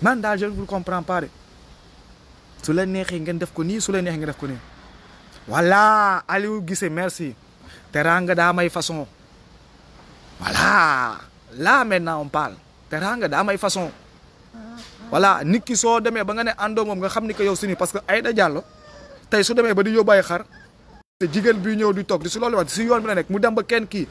man je ne vous comprends pas def ko ni def ko ni voilà Aliou gissé merci teranga da may façon voilà là maintenant on parle teranga da may façon voilà nit ki soo ba nga né ando ni yow parce que Aïda Diallo tay su démé ba di yóbbaay xar te bi di tok di la mu dem ba ngi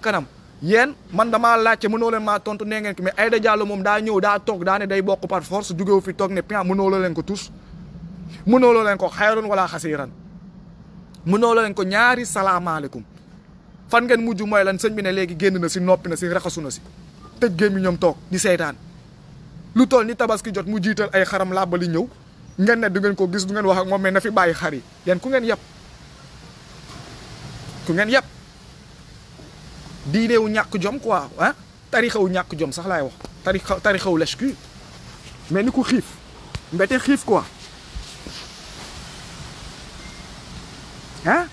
kanam Yen, man dama laccé mëno leen ma tontu ne ngeen ki mais ayda Diallo mom da ñew da tok da ne day bokku par force duggew fi tok ne pian mëno lo leen ko tous mëno lo leen ko khayrun wala khasiran mëno lo leen ko ñaari salam alaykum fan ngeen muju moy lan señ bi ne legi genn na ci nopi na ci raxasu na ci tej gemi ñom tok di setan lu tol ni tabaski jot mu jital ay xaram li ñew ngeen ne du ngeen ko gis du ngeen wax ak mom mais na fi bayyi xari yen ku ngeen yap ku ngeen yap diine wu ñak jom quoi hein tarixa wu ñak jom sax lay wax tarixa tarixa wu lesku mais ni ku xiif mbete quoi ah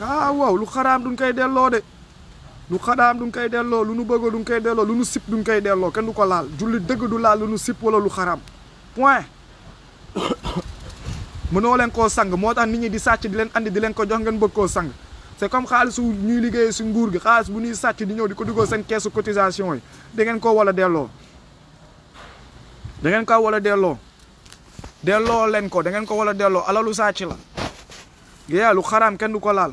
ah waaw lu xaram duñ koy delo de lu xadam duñ koy delloo lu nu bëgg duñ koy delloo lu nu sip duñ koy delo kenn duko laal julli deug du laal lu nu sip wala lu xaram point mënoo leen koo sang moo tax ni ñi di sàcc di leen andi di leen ko jox ngeen bëgg koo sang c'est comme xaalis bu ñuy liggéeyee si nguur gi xaalis bu ñuy sàcc di ñëw di ko duggoo seen keesu cotisation yi da ngeen koo wala delloo da ngeen ko wala delloo delloo leen ko da ngeen ko wala delloo alalu sàcc la yee lu xaraam kenn du ko laal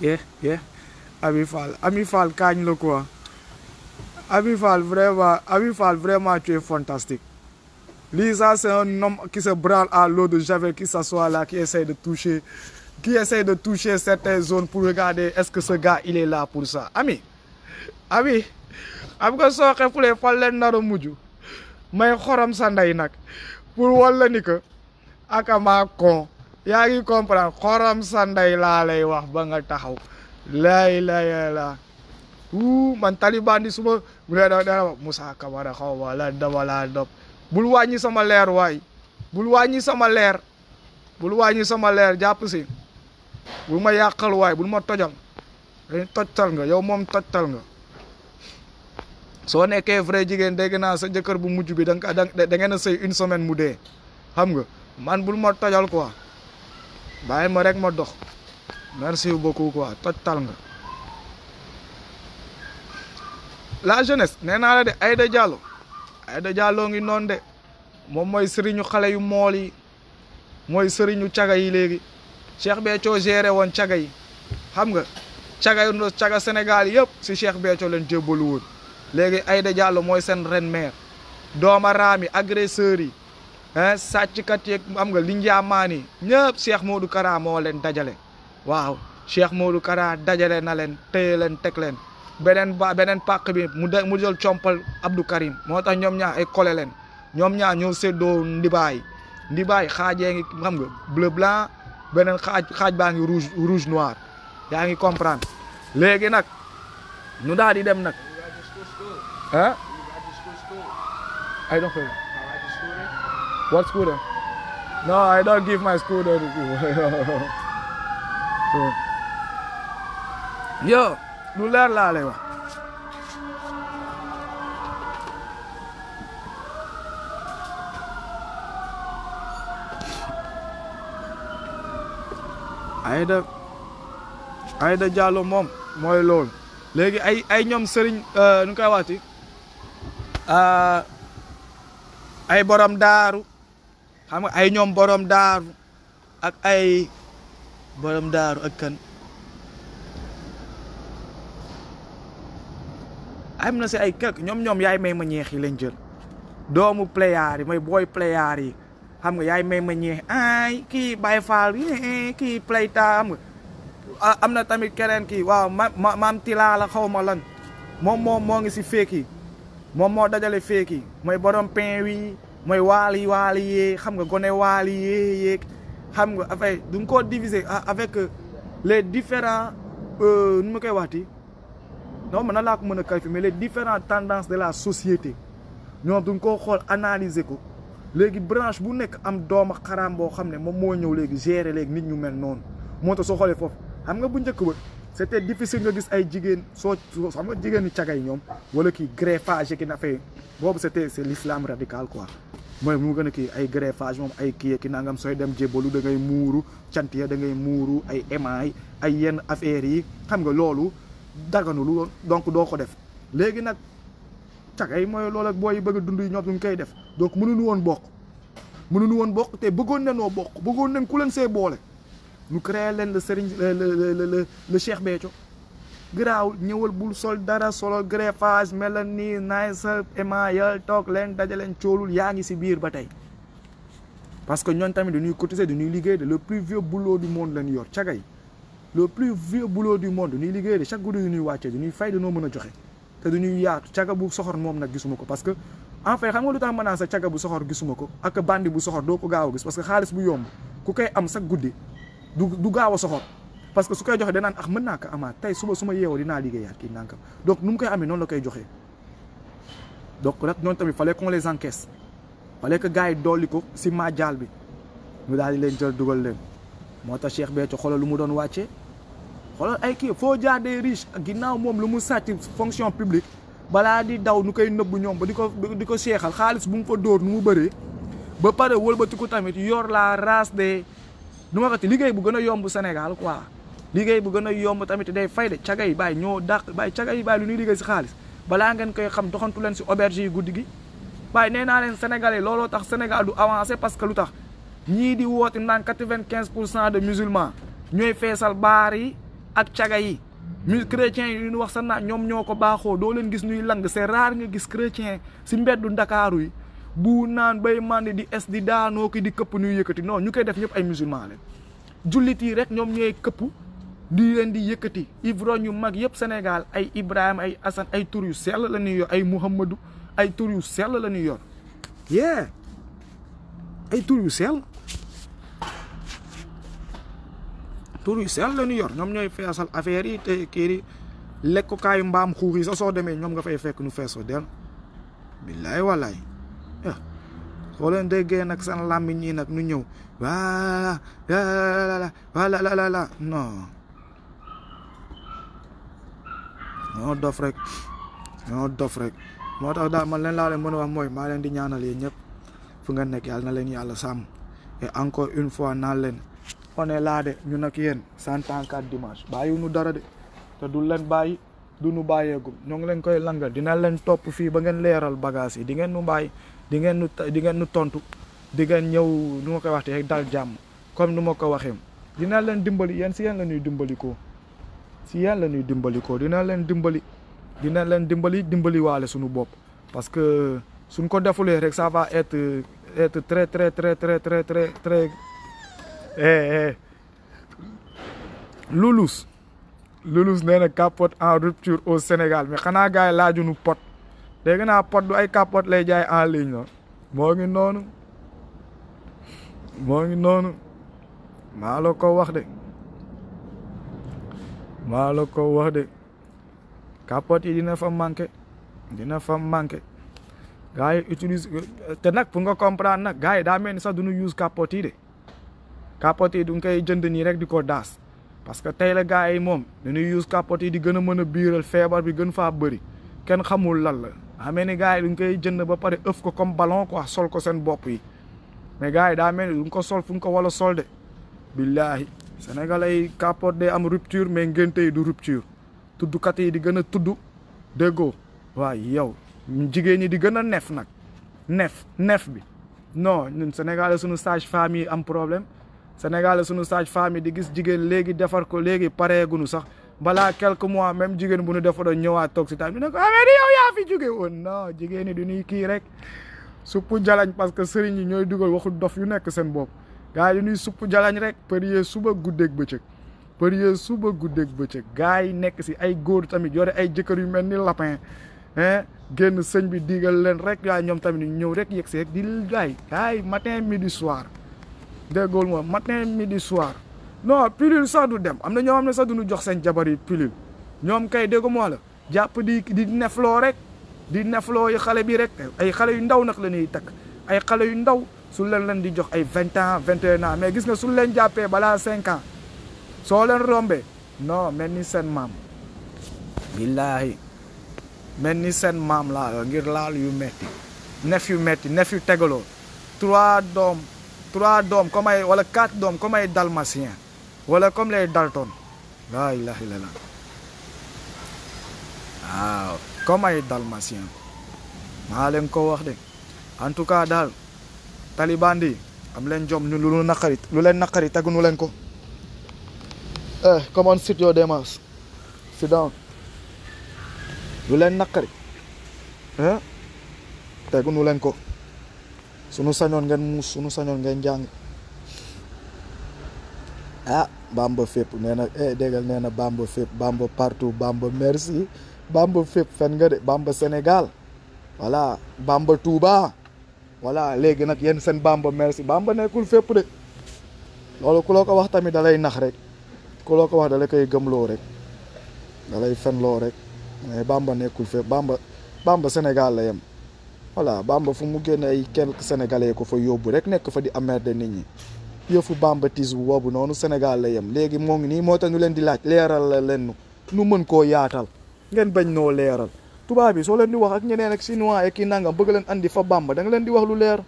ye ye Ami Fall Ami Fall kaañ la quoi Ami Fall vraiment Ami Fall vraiment tu es Lisa, c'est un homme qui se branle à l'eau de Javel, qui s'assoit là, qui essaie de toucher, qui essaie de toucher certaines zones pour regarder est-ce que ce gars, il est là pour ça. Ami, ami, après ça, je voulais parler de mais xorom sa ndey nag pour wol la ni que akamaa kon yaa ngi comprendre xorom sa ndey laa lay wax ba nga taxaw lay lay la wuu man taliban di suma mu ne da Moussa Camara xaw ma la dama bul wàññi sama leer waay bul wàññi sama leer bul wàññi sama leer jàpp si bul ma yàqal waay bul ma tojal dañ eh, tojtal nga yow moom tojtal nga soo nekkee vrai jigéen dégg naa sa jëkkër bu mujj bi da nga da ngeen a sëy une semaine mu dee xam nga man bul ma tojal quoi bàyyi ma rek ma dox merci beaucoup quoi tojtal nga la jeunesse nee naa la de Aïda Diallo Aida Diallo ngi noonu de moom mooy sëriñu xale yu mool yi mooy sëriñu caga yi léegi Cheikh Béthio géré woon caga yi xam nga caga yu caga Sénégal yëpp si Cheikh Béthio leen jébbalu woon léegi ay Diallo mooy seen reine mère dooma raam yi agresseurs yi ah sàcckat yeeg xam nga liñ jaamaan yi ñëpp Cheikh Modou Kara moo leen dajale waaw Cheikh Modou Kara dajale na leen téye leen teg leen beneen ba beneen pàq mu de mu jël compal Abdou Karim moo tax ñoom ñaa ay kole ñoom ñaa ñoo séddoo ndibaay ndibaay xaajee ngi xam nga bleu blanc beneen xaaj xaaj baa ngi rouge rouge noir yaa ngi comprendre léegi nag ñu daal di dem nag ah I don't feel what scooter no I don't lu leer laa lay wax Aïda Aïda Diallo moom mooy loolu léegi ay ay ñoom sëriñ euh, nu koy waati euh, ay borom daaru xam ay ñoom borom daaru ak ay borom daaru ak kan am na si ay quelque ñoom ñoom yaay may ma ñeex yi lañ jël doomu playaar yi mooy booy playaar yi xam nga yaay may ma ñeex ay kii Baye Fall eh, eh, kii playta xam nga am na tamit keneen kii waaw ma maam tilaa la xaw ma lan moom moom moo ngi si féek yi moom moo dajale féek yi mooy borom pain wi mooy waali waali yee xam nga gone waali yee yeeg xam nga affaire du nga koo diviser ah, avec les différents euh, nu ma koy waxti non man nan laa ko mën a mais les différentes tendances de la société ñoom duñ koo xool analyser ko léegi branche bu nekk am dooma xaraam boo xam ne moom moo ñëw gérer léegi nit ñu mel non. moo tax soo xoolee foofu xam nga bu njëkk ba c'était difficile nga gis ay jigéen soo xam nga jigéen ñi cagay ñoom wala kii greffage ki na fay boobu c'était c'est l'islam radical quoi mooy mu gën a kii ay greffage moom ay kii ki nangam sooy dem jébalu da ngay muuru cant ya da ngay muuru ay émaay ay yenn affaires yi xam nga loolu daganul woon donc doo ko def léegi nag cagay mooy lool ak booy yi bëgg a dund yi ñoom ñu ngi koy def donc mënuñu woon bokk mënuñu woon bokk te bëggoon nenoo bokk bëggoon nen ku leen see boole ñu créé leen le Serigne le co Cheikh Béthio garaaw ñëwal bul sol dara solo greffage mel nii naay sa émaayal toog leen daja leen coolul yaa ngi si biir ba tey parce que ñoon tamit dañuy cotiser dañuy liggéey de le plus vieux boulot du moon leen yor cagay le plus vieux boulot du monde ñuy liggéey de chaque guddi yu ñuy wàccee du ñuy fay dañoo mën a joxe te du ñuy yaatu caga bu soxor moom nag gisuma ko parce que en fait xam nga lu tax mën naa sa caga bu soxor gisuma ko ak bandi bu soxor doo ko gaaw a gis parce que xaalis bu yomb ku koy am chaque guddi du du gaaw a soxor parce que su koy joxee danaan ax ah, mën naa ko amaat tey suba su ma yeewoo dinaa liggéeyaat kii nankam donc nu mu koy amee noonu la koy joxee donc nag noonu tamit fallait qu'on les encaisse fallait que gars yi dolli ko si maajaal bi ñu daal di leen jël dugal leen moo tax Cheikh Béthio xoolal lu mu doon wàcce xoolal ay kii foo jaar des riches ginnaaw moom lu mu sàcc fonction publique balaa di daw nu koy nëbbu ñoom ba di ko di ko seexal xaalis bu mu fa dóor nu mu bëree ba pare wëlbatiku tamit yor la race de nu ma ko ti liggéey bu gën a yomb Sénégal quoi liggéey bu gën a yomb tamit day fay de caga yi bàyyi ñoo dàq bàyyi caga yi bàyyi lu ñuy liggéey si xaalis balaa ngeen koy xam doxantu leen si auberge yi guddi gi waaye nee naa leen sénégalais looloo tax Sénégal du avancé parce que lu tax ñi di woote nan 95% de musulmans ñoy fessal bar yi ak tiaga yi mu chrétiens yi ñu wax sa na ñom ñoko baxo do leen gis ñuy lang c'est rare nga gis chrétien ci mbeddu dakar yi bu naan bay Mande di es di ki di kep ñuy yëkëti non ñu koy def ñep ay musulmans leen rek ñom ñoy kep di leen di yëkëti ivrogne yu mag yëp sénégal ay Ibrahim ay asan ay tour yu sel la ñuy ay muhammadu ay tour yu sel la ñuy yor yeah ay tour yu sel tur yu sell la ñu yor ñoom ñooy feesal affaire yi te kii lekkukaayu mbaam xuux yi sa soo demee ñoom nga fay fekk nu feesoo del billaay wallaay eh, soo leen déggee nag seen làmmiñ ñii nag nu ñëw waa la la la non ñoo dof rek ñoo rek moo tax daal man leen laa leen mën a wax mooy maa leen di ñaanal yéen ñëpp fu nga nekk yàlla na leen yàlla sàmm encore une fois naan leen on est là de ñun ak Bayu nudara quatre dimanche ñu dara de te du len bayyi du ñu baye gum ñong leen koy langal dina leen top fi ba ngeen leeral bagage yi di ngeen ñu bàyyi di ngeen ñu di ngeen ñu tontu di ngeen ñew ñu ko waxte waxtee dal jam comme ñu ma ko dina leen dimbali yeen si yalla ñuy dimbali ko si yalla ñuy dimbali ko dina leen dimbali dina leen dimbali dimbali walé suñu bop parce que suñ ko defulé rek ça va être être très très très très très très très Eh, eh Loulous Loulous nee na capote rupture au Sénégal mais xanaa gars yi laajuñu pot dégg naa pot du ay capote lay jaay en ligne la moo ngi noonu moo ngi noonu maa la ko wax de maa la ko wax de capote yi dina fa manqué dina fa manqué gars yi utilise te nag pour nga comprendre nag gars yi daa mel ni sax duñu use capote yi de capote yi du nga koy jënd nii rek di ko daas parce que tey la gars yi moom dañuy use capot yi di gën a mën a biiral feebar bi gën faa bëri kenn xamul lan la xamee ni gars yi du nga koy jënd ba pare ëf ko comme ballon quoi sol ko seen bopp yi mais gars yi daa mel du nga ko sol fu nga ko wala sol de billaahi sénégalais yi capote day am rupture mais ngénte yi du rupture tuddkat yi di gën a tudd déggoo waaye yow jigéen ñi di gën a nef nag nef nef bi non ñun sénégalais suñu sage yi am problème sénégal suñu sage femme di gis jigen legi defar ko paré guñu sax bala quelques mois même jigen buñu ñu do ñëwa tok ci taal bi nag ah mais yow ya fi jugé won non jigen ñi du ñuy rek suppu jalañ parce que sëriñ yi ñoy dugal waxu dof yu nekk seen bop gaay yi ñuy jalañ rek përie suba ak bëcëk përie suba guddeeg bëccëg gars yi nekk si ay goor tamit yore ay jëkër yu melni ni lapin hein genn sëñ bi digal leen rek ya ñom tamit ñëw rek yexé rek di gaay gaay matin midi soir déggool moom matin midi soir non pilule sax du dem am na ñoo xam ne sax duñu jox seen jabar yi pilule ñoom kay déggu moo la jàpp di di nefloo rek di nefloo yi xale bi rek ay xale yu ndaw nag la ñuy takk ay xale yu ndaw su leen leen di jox ay vingt ans vingt et un mais gis nga su leen jàppee balaa cinq ans soo leen rombee non mel ni seen maam billaahi mel ni seen maam laa ngir laal yu metti nef yu metti nef yu tegaloo trois doom trois dom, comme ay wala quatre dom, comme ay dalmatien wala comme les Dalton la ilaha illallah waaw comme ay dalmatien maa ko wax de en tout cas dal taliban di, am len jom ñu lu naqari lu leen naqari ñu len ko eh come on sit your demas sit down lu nakari, hein eh ñu len ko sunu sañon ngeen mu sunu sañon ngeen jang ah bamba fep neena na eh degal neena na bamba fep bamba partout bamba merci bamba fep fen nga de bamba senegal voilà bamba Touba voilà léegi nak yeen sen bamba merci bamba nekul fep de lolou ku loko wax tamit dalay nax rek ku loko wax dalay kay koy rek dalay fen lo rek mais bamba nekul fep bamba bamba senegal la yam voilà Bamba fu mu gene ay kenn sénégalais ko fa yobbu rek nek fa di amerde nit ñi bamba bambatisme wobu nonu Sénégal la yam légui mo ngi ni mo tax ñu leen di laaj léral la leen nu mën ko yaatal ngeen bañ no léral tuba bi so leen di wax ak ñeneen ak chinois ak nangam bëgg leen andi fa Bamba da nga leen di wax lu lér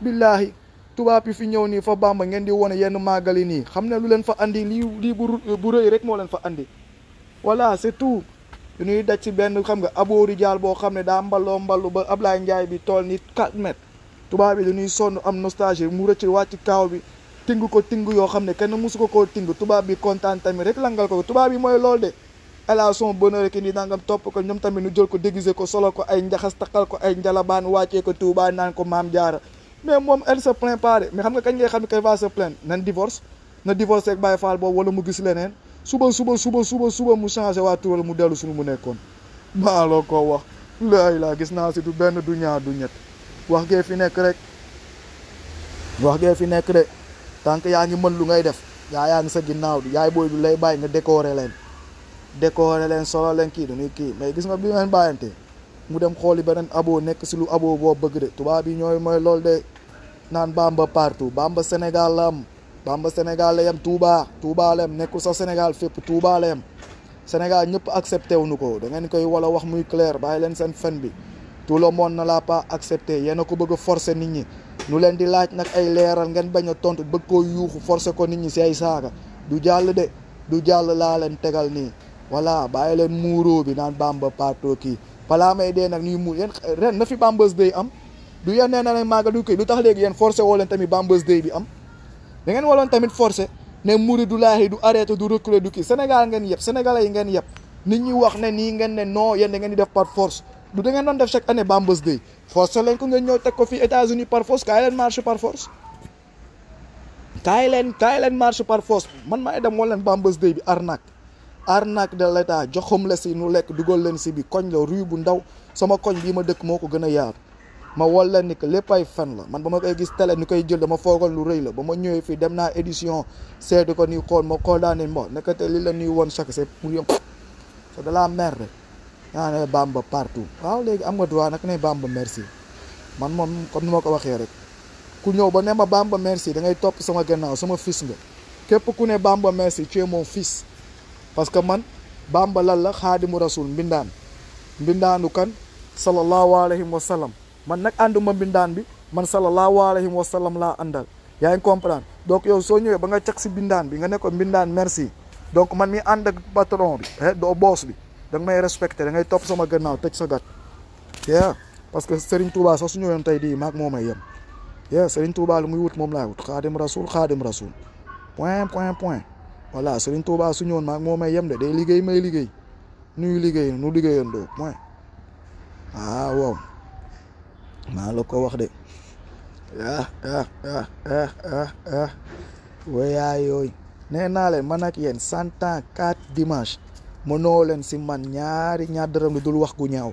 billahi tuba bi fi ñew ni fa Bamba ngeen di wone yenn magali ni xam lu leen fa andi li bu reuy rek mo leen fa andi voilà c'est tout yu ñuy daj ci benn xam nga aboori jaal boo xam ne daa mballoo mballu ba Ablaye njaay bi tool ni 4 mètres tubaab bi nuy sonn am nostalgie mu rëcc wàcc kaaw bi ting ko ting yoo xam ne kenn musu ko koo ting tubaab bi kontaan tamit rek langal ko tubaab bi mooy loolu de ala son bonheur ki ni nangam topp ko ñoom tamit nu jël ko déguisé ko solo ko ay njaxas takkal ko ay njalabaan wàcce ko Touba naan ko maam jaara mais moom elle se plaint pas de mais xam nga kañ ngay xam ne kay va se plaindre nan divorce na divorce ak boobu wala mu gis leneen suba suba suba suba suba musa wa watu mu delu sunu mu nekkon maaloo ko wax la laa gis na ci du ben du ñaar du ñet wax ge fi nek rek wax ge fi nek de tank yaa ngi mën lu ngay def ya yaa ngi sa ginnaw di yaay boy du lay bay nga décorer len décorer len solo leen kii dañuy ki mais gis nga bi ngeen bayante mu dem xoli benen abo nek ci lu abo bo bëgg de tuba bi ñoy moy lol de nan bamba partout bamba senegalam Bamba Senegal lem yem Touba Touba la yem nekkul sax Senegal fépp Touba la yem Sénégal accepté wu ñuko da ngeen koy wala wax muy clair bay leen sen fen bi tout le monde na l'a pas accepté yena ko bëgg forcer nit ñi nu leen di laaj nak ay leeral ngeen baña tontu bëgg koo yuuxu forcer ko nit ñi ci ay saaga du jall de du jall la leen tégal ni wala bay leen muuro bi naan Bamba pato kii pala may nak ñuy mu yeen ren na fi Bamba's Day am du yene na lay maga du kii lu tax léegi forcer wo leen tammi Bamba's Day bi am dengan ngeen waloon tamit forcé ne lahi du arrêté du reculer du ki senegal ngeen yeb senegal yi ngeen yeb nit ñi wax ne ni ngeen ne non yeen ngeen di def par force du da ngeen doon def chaque année Bambus Day forcé leen ko ngeen tek ko fi États-Unis par force kay len marche par force kay len kay len marche par force man maay dem wala leen Bambus Day bi arnaque arnaque de l'état joxom la ci nu lek dugol len si bi koñ la rue bu ndaw sama koñ bi ma dekk moko gëna ma walla ni que lépp ay la man bama ma koy gis tele ni koy jël dama foogoon lu reuy la bama ma fi dem na édition seetu ko ni xool ma ko daane mo mbo nekkate li la nuy won chaque c'est pour yom c'est de la merde ya ne Bamba partout waaw légui am nga droit nak né Bamba merci man mom comme numa ma ko waxé rek ku ñëw ba né ma Bamba merci da ngay top sama gannaaw sama fils nga képp ku né Bamba merci tu es mon fils parce que man Bamba lan la xaadimu rasul mbindan mbindanu kan sallallahu alayhi wa sallam man nag ànduma mbindaan bi man sallallahu alayhi wa sallam laa àndal yaa ngi donc yow soo ñëwee ba nga cag si mbindaan bi nga ne ko mbindaan merci donc man mi ànd ak patron bi eh, doo boos bi da may respecté da ngay topp sama gannaaw tëj sa gat yeah parce que Serigne Touba soo su ñëwoon tey di maak moo may yem yeah Serigne Touba muy wut moom laay wut xaadim rasul xaadim rasul point point point voilà Serigne Touba su ñëwoon maag moo may yem de day liggéey may liggéey liggéey nu liggéeyoon doo point ah, waaw waaw Kan eh, ma la ko wax de ah ah ah ah ah ah wayaa yooyu nee naa leen man ak yeen cent ans quatre dimanche mënoo len si man ñaari ñaar lu dul wax gu ñaaw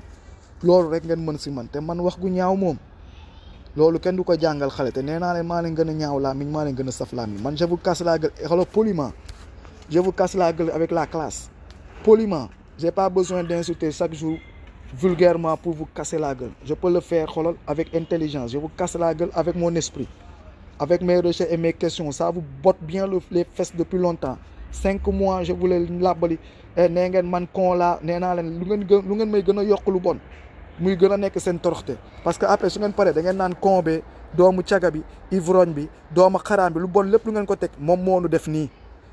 lolu rek ngeen man si man te man wax gu ñaaw mom lolu ken du ko jangal xale te nee le leen maa gëna ñaaw la miñ maa leen saf la mi man je vous casse la gueule xalo poliment je vous casse la gueule avec la classe poliment j'ai pas besoin d'insulter chaque jour vulgairement pour vous casser la gueule. Je peux le faire avec intelligence. Je vous casse la gueule avec mon esprit. Avec mes recherches et mes questions. Ça vous botte bien les fesses depuis longtemps. Cinq mois, je voulais labali. Eh, nee ngeen man kon la nee là-bas. leen lu que vous lu ngeen may gën a lu bon muy gën a nekk seen parce que après su ngeen paree da ngeen naan kon be doomu caga bi ivrogne bi doomu xaraam bi lu bon lépp lu ngeen ko teg moom moo nu def nii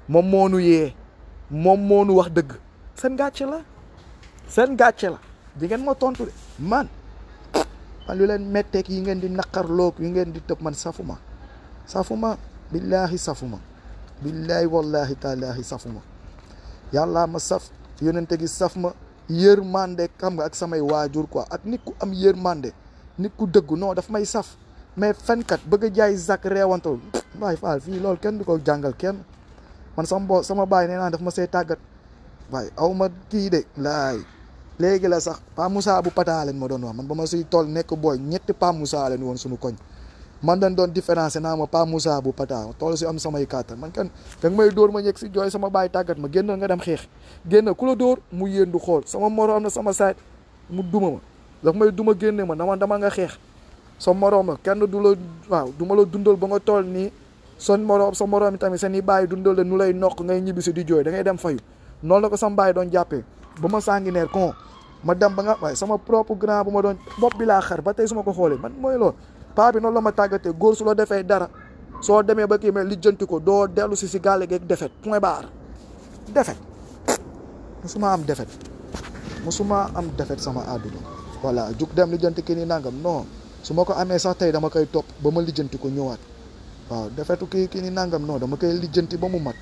moom moo nu yee moom moo nu wax dëgg seen gàcce la seen gàcce la. di ngeen ma tontu de man man lu leen metteek yi ngeen di naqarloog yi ngeen di tëb man safuma safuma billaahi safuma billaahi wallaahi taalaahi safuma yàllaa ma saf yonente gi saf ma yërmande kam nga ak samay waajur quoi ak nit ku am yërmande nit ku dëggu noo dafa may saf mais fenkat bëgg a jaay zak reewantal waaye faal fii lool kenn di ko jàngal kenn man sama bo sama baay nee naan daf ma see tàggat waaye aw ma kii de laay léegi la sax Pa Moussa bu Pata leen ma doon wax man ba ma suy tool nekk booy ñetti Pa Moussa leen woon suñu koñ man dañ doon différencé naa ma Pa Moussa bu Pata tool si am samay kàttan man kan da nga may dóor ma ñëg si jooy sama baay tàggat ma génn nga dem xeex génn ku la dóor mu yéendu xool sama moroom na sama saay mu duma ma daf may duma génne ma dama dama nga xeex sa moroom la kenn du la waaw du ma la dundal ba nga tool nii son moroom sa moroom tamit seen i bàyyi dundal la nu lay nokk ngay ñibbisi di jooy dangay dem fayu noonu la ko sama bàyyi doon jàppee ba ma sanguinaire con ma dem ba nga waaye sama propre grand bu ma doon bopp bi laa xar ba tey su ma ko xoolee man mooy loolu paa bi noonu la ma tàggatee góor su la defee dara soo demee ba kii mais lijjanti ko doo dellu si si gàlle geeg defet point barre defet musuma am defet musuma am defet sama àdduna a jug dem lijjanti kii nii nangam non su ma ko amee sax tey dama koy topp ba ma lijjanti ko ñëwaat waaw defetu kii kii ni nangam non dama koy lijjanti ba mu mat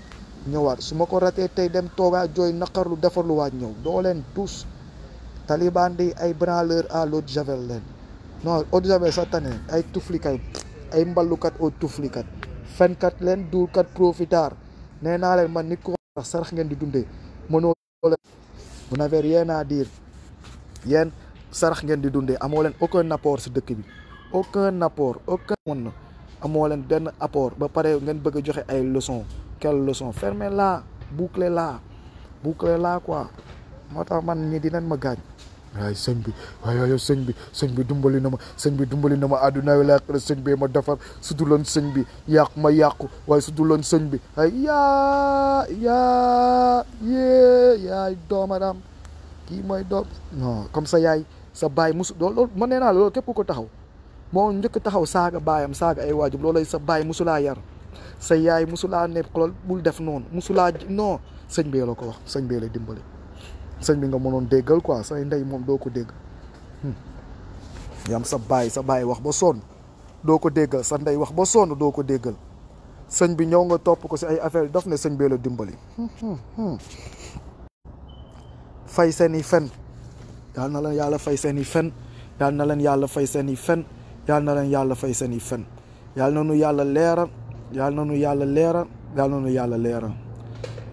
ñëwaat su ma ko ratee tey dem toogaa jooy naqarlu defarluwaat ñëw doo leen tous taliban di ay branleur à l'eau javel leen non eau de javel sa tane ay tuflikat ay mballukat au tuflikat fenkat leen duurkat profitard nee naa leen man nit ko wax sarax ngeen di dundee mënoo leen vous n'avez rien à dire sarax ngeen di dundee amoo leen aucun apport si dëkk bi aucun apport aucun mën amoo leen benn apport ba pare ngeen bëgg a joxe ay leçons quelle leçon fermez la bouclez la bouclez là quoi moo tax man ñi dinañ ma gaañ waaye sëñ bi waaye sëñ bi sëñ bi dimbali na ma sëñ bi dimbali na ma àdduna wi laaxira sëñ bi ma defar su duloon sëñ bi yàq ma yàqu waaye su duloon sëñ bi ay yaa yaa kii mooy doom non comme ça yaay sa baay musu loolu man nee naa loolu képp ko taxaw moo njëkk taxaw saaga baayam saaga ay waajur loolay sa baay musulaa yar sa yaay musulaa ne xolol bul def noonu musulaa noo sëñ bee la ko wax sëñ bee la dimbali sëñ bi nga mënoon déggal ko say ndey moom doo ko dégg hmm. yam sa baay sa baay wax ba sonn doo ko déggal sa ndey wax ba sonn doo ko déggal sëñ bi ñëw nga topp ko si ay affaire daf ne sëñ bee la dimbali hmm, hmm, fay seen i fen yal na leen yàlla fay seeni i fen yal na leen yàlla fay seeni fen yal na leen yàlla fay seeni fen yal na nu yàlla leeral yàlla na nu yàlla leeral yàlla na yàlla leeral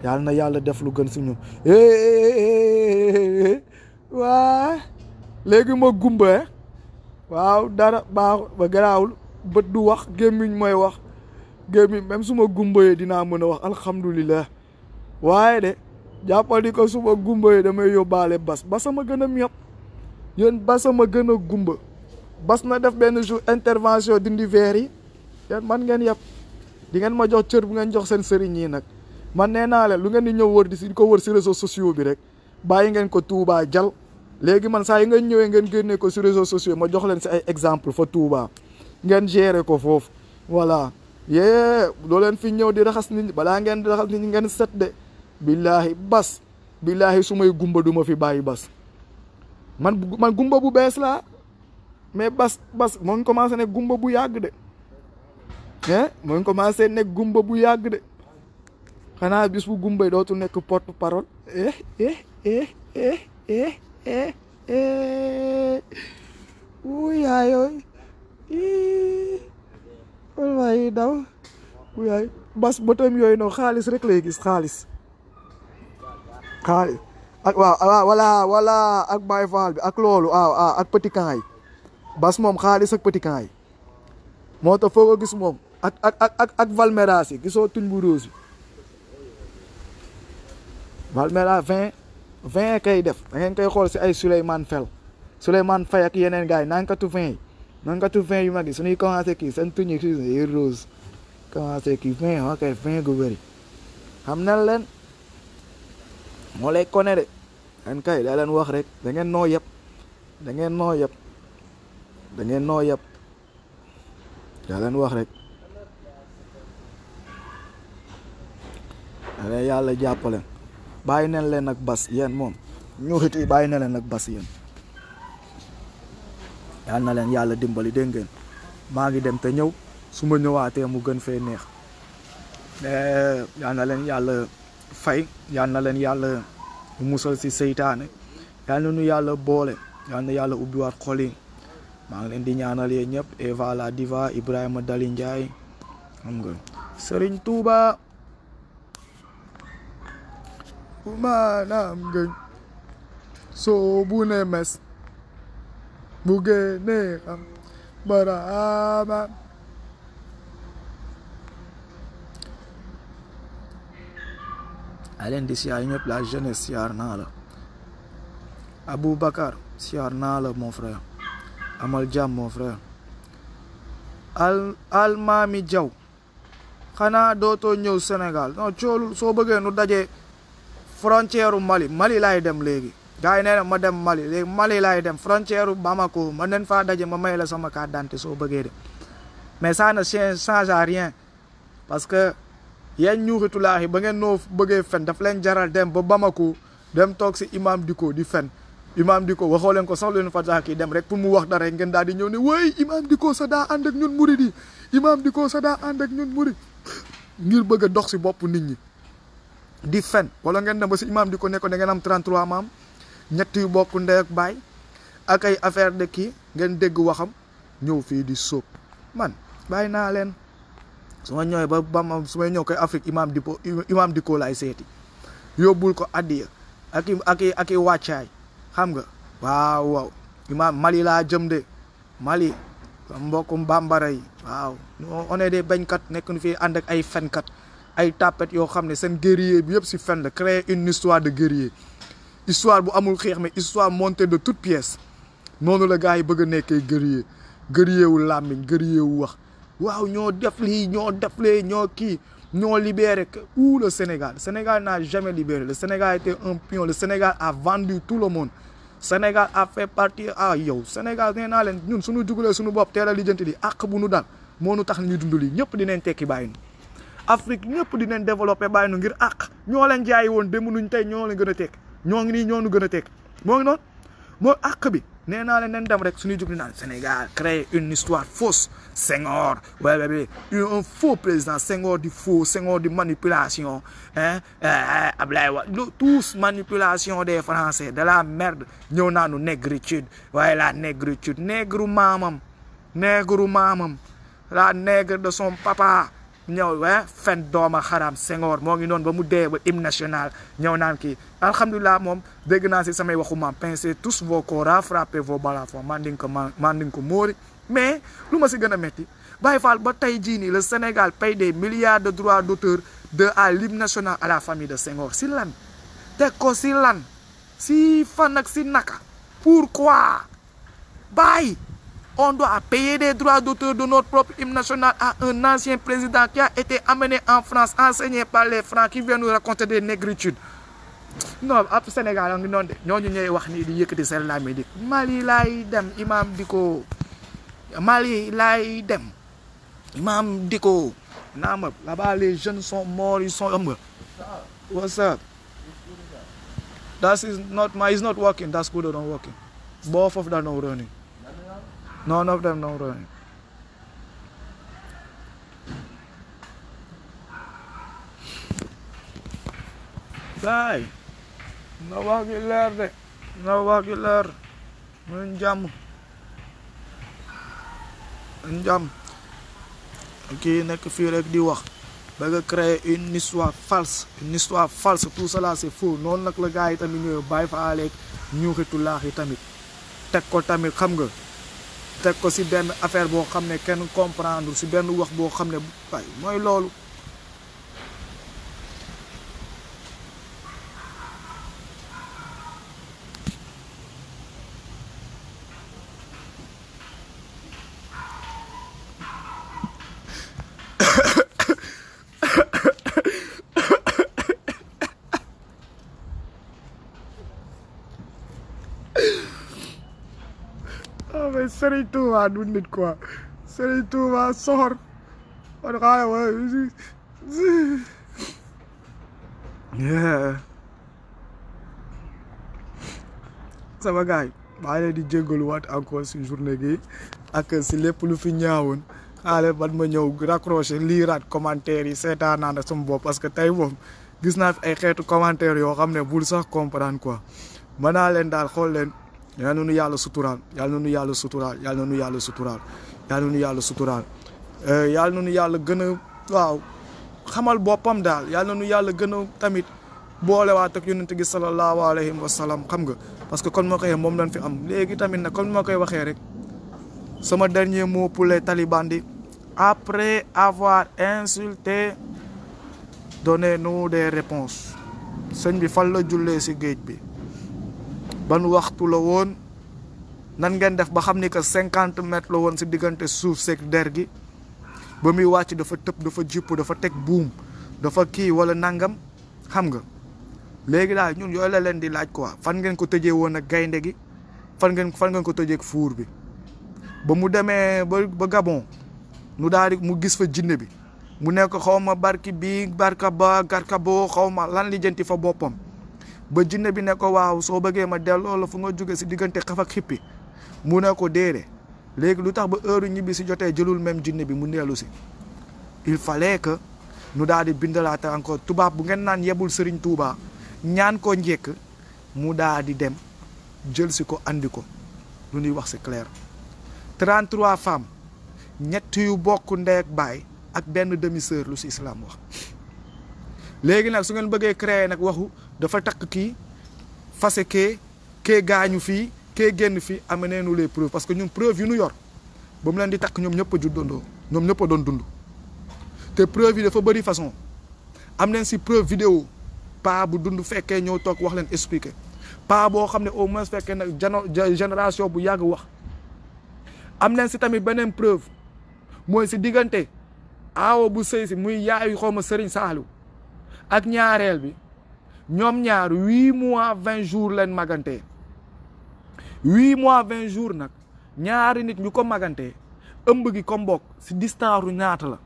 yàlla na yàlla def lu gën si ñun waa léegi ma gumba eh? waaw dara baax ba garaawul bët du wax gémmiñ mooy wax gémmiñ même suma ma gumbayee dinaa mën a wax alhamdulilah waaye de jàppal ni ko su ma gumbayee damay yóbbaale bas basama gën a ñëpp yéen basama gën a gumba bas na def benn jour intervention dindi veer yi man ngeen yëpp di ngeen ma jox cër bu ngeen jox seen sëriñ yi nak man nee lu ngeen di ñëw wër di ko wër si réseaux sociaux bi rek bàyyi ngeen ko Touba jal léegi man sa yi ngeen ñëwee ngeen génnee ko si réseaux sociaux ma jox leen si ay exemple fa Touba ngeen gérer ko fof voilà ye do leen fi ñëw di raxas nit ñi ngeen di raxas nit set de bilahi bas billahi su gumba du ma fi bàyyi bas man man gumba bu bes la mais bas bas mon ngi commencé né gumba bu yag dé mu ngi commencé nekk gumba bu yàgg de xanaa bis bu gumba dootu nekk porte parole eh eh eh eh eh eh, eh. bas bëtam yooyu noonu xaalis rek lay gis xaalis xaalis ak waaw wala ak Baye Fall bi ak loolu waaw ak petit camp bas moom xaalis ak petit camp yi moo tax foo ko gis moom ak ak ak ak ak Valmeras yi gisoo tuñ bu rose bi Valmeras vingt vingt kay def da ngeen koy xool si ay Souleymane Fel Souleymane Faye ak yeneen gars yi nankatu vingt yi nankatu vingt yu mag yi suñuy commencé kii seen tuñ yi kii rose commencé kii vingt ok vingt gu bëri xam na leen moo lay kone de ngeen kay daa leen wax rek da ngeen noo yëpp da ngeen noo yëpp daleen ngeen noo yëpp daa leen wax rek ale yàlla jàppaleen bàyyi neen leen ak bas yéen moom ñuuxit yi bàyyi na leen ak bas yéen yal na leen yàlla dimbali dégg maa ngi dem te ñëw su ma ñëwaatee mu gën fee neex yal na leen yàlla fay yal na leen yàlla musal si seytaane yal nu yàlla boole yal yàlla ubbiwaat xol yi maa ngi leen di ñaanal yéen ñëpp Eva la Diva Ibrahima Dali Ndiaye xam man, I'm going So bune mes, buge neka, um, bara ama. Allen di siyaar ñëpp la jeunesse siyaar naa Abou Bakar siyaar naa mon frère amal Jam, mon frère al Mami jaw Kana Doto, ñëw Sénégal non coolu so bëggee nu dajee frontière Mali Mali lay dem légui gaay néna ma dem Mali légui Mali lay dem frontière Bamako man nañ fa dajé ma may sama carte d'identité so bëggé dé mais ça ne change rien parce que yeen ñuuxitulaaxi ba ngeen no bëggé daf leen jaral dem ba Bamako dem tok si imam Diko di fen imam diko waxo leen ko sax leen fatax ki dem rek pour mu wax dara ngeen daal di ñëw ni imam Diko sa da and ak ñun mouride imam Diko sa da and ak ñun mouride ngir bëgg dox ci bop nit di fen wala ngeen dem ba si imaam di ko nekkoon da ngeen am 33 maam ñett bokk ndey baay ak ay affaire de kii ngeen dégg waxam ñëw fii di sóob man bàyyi naa leen su ma ñëwee ba ba su may ñëw koy Afrique imaam di ko di ko seeti yóbbul ko addiya ak i ak i xam nga waaw waaw imaam Mali laa jëm de Mali mbokkum bambara yi waaw on est des nekk nu fii ànd ay fenkat ay tapet yo xamné sen guerrier bi yeb ci fen le créer une histoire de guerrier histoire bu amul xeex mais histoire montée de toutes pièces noonu la gars yi bëgg a guerrier guerrier wu lamine, guerrier wu wax waaw ño def li ño def lé ño ki ño libéré que ou le Sénégal le Sénégal n'a jamais libéré le Sénégal était un pion le Sénégal a vendu tout le monde Le Sénégal a fait partie ah le Sénégal nee nous len ñun suñu jugalee suñu bop teel a lijjanti li ak bu nu dal moo nu tax ñu dund lii ñëpp dinañ tekki bàyyi Afrique ñëpp dinañ développé bàyyi nu ngir àq ñoo leen jaay woon démb tey ñoo leen gën a teg ñoo ngi nii ngi noonu bi dem rek Sénégal créer une histoire fausse Senghor un faux président Senghor du faux Senghor di manipulation hein eh, eh, Ablaye tous manipulation des Français de la merde ñëw naanu négritude waaye la négritude négru maamam négru maamam la nègre de son papa ñëw wa fen dooma xaram Senghor moo ngi noonu ba mu dee ba hymne national ñëw naan kii alhamdulilah moom dégg naa si samay waxu maam pincez tous vos koras frappez vos balafons manding ko manding ko móori mais lu ma si gën a métti Baye Fall ba tey jii nii le Sénégal paye des milliards de droits d'auteur de à l'hymne national à la famille de Senghor si lan teg ko si lan si fan ak si naka pourquoi bàyyi on doit payer des droits d'auteur de notre propre hymne national à un ancien président qui a été amené en France, enseigné par les Francs, qui vient nous raconter des négritudes. non après Sénégal a ngi noonu de on ñooy wax ni di yëkkati On Mali là, dem Imam Diko. Mali là, dem Imam Diko. On là-bas les jeunes sont morts ils sont morts. what's up that is not my it's not working that's good not working both of them are running. None of them know rowing. Sai, Nova Killer, Nova Killer, Munjam, Munjam. Qui n'est que Furek Diwa. bëgg créer une histoire false une histoire false tout cela c'est faux noonu nag la gars yi tamit ñooy bàyyi fa aaleeg ñuuxitu laax yi tamit teg ko tamit xam nga teg ko si Ben affaire boo xam ne kenn comprendre si Ben wax boo xam ne bay mooy loolu mais Serigne Touba ko nit quoi Serigne Touba soxor man xaaral ma sama di jégaluwaat encore si journée gi ak si lépp lu fi ñaawoon xaale man ma ñëw raccroché liiraat commentaire yi seetaan naa ne sama bopp parce que tey moom gis naa fi ay xeetu commentaire yoo xam ne bul sax comprendre quoi leen daal xool leen. Ya nu yalla sutural nu yalla sutural nu nu parce que kon dernier mot pour les talibans après avoir insulté donnez-nous des réponses bi la ban waxtu la woon nan ngeen def ba xam ni que cinquante la woon si diggante suuf seeg der gi ba muy wàcc dafa tëb dafa jipp dafa teg buum dafa kii wala nangam xam nga léegi daal ñun yooyu la leen di laaj quoi fan ngeen ko tëjee woon ak gaynde gi fan ngeen fan ngeen ko tëjee fuur bi ba mu demee ba ba Gabon nu daal mu gis fa jinne bi mu nekk xaw ma barki bii barka ba garka boo xaw ma lan li jënti fa boppam ba jinne bi ne ko waaw so beugé ma del la fu nga jóge ci diggante xaf ak xippi mu ne ko déere légui lutax ba heure ñibi ci joté jëlul même jinne bi mu neelu ci il fallait que nu di encore tuba bu ngeen naan yebul ya serigne touba ñaan ko njekk mu daal di dem jël ci ko andi ko lu ni wax c'est clair 33 femmes ñett yu bokku ndey ak bay ak ben demi sœur lu ci islam wax légui nak su ngeen bëggé créer nak waxu dafa takk kii fase ke kee gaañu fii ke génn fii amené nu les preuves parce que ñun preuve yu nu yor ba mu leen di takk ñoom ñëpp a juddandoo ñoom ñëpp doon dund te preuve yi dafa bëri façon am nañ si preuve vidéo pa bu dund fekkee ñëw toog wax leen expliquer pa boo xam ne au moins fekkee nag génération bu yàgg wax am nañ si tamit beneen preuve mooy si diggante aawo bu sëy si muy yaayu xaw ma sëriñ saalu ak ñaareel bi ñoom ñaar huit mois vingt jour leen magante huit mois vingt jours nag ñaari nit ñu ko magante ëmb gi ko mbokk si distance ru ñaata la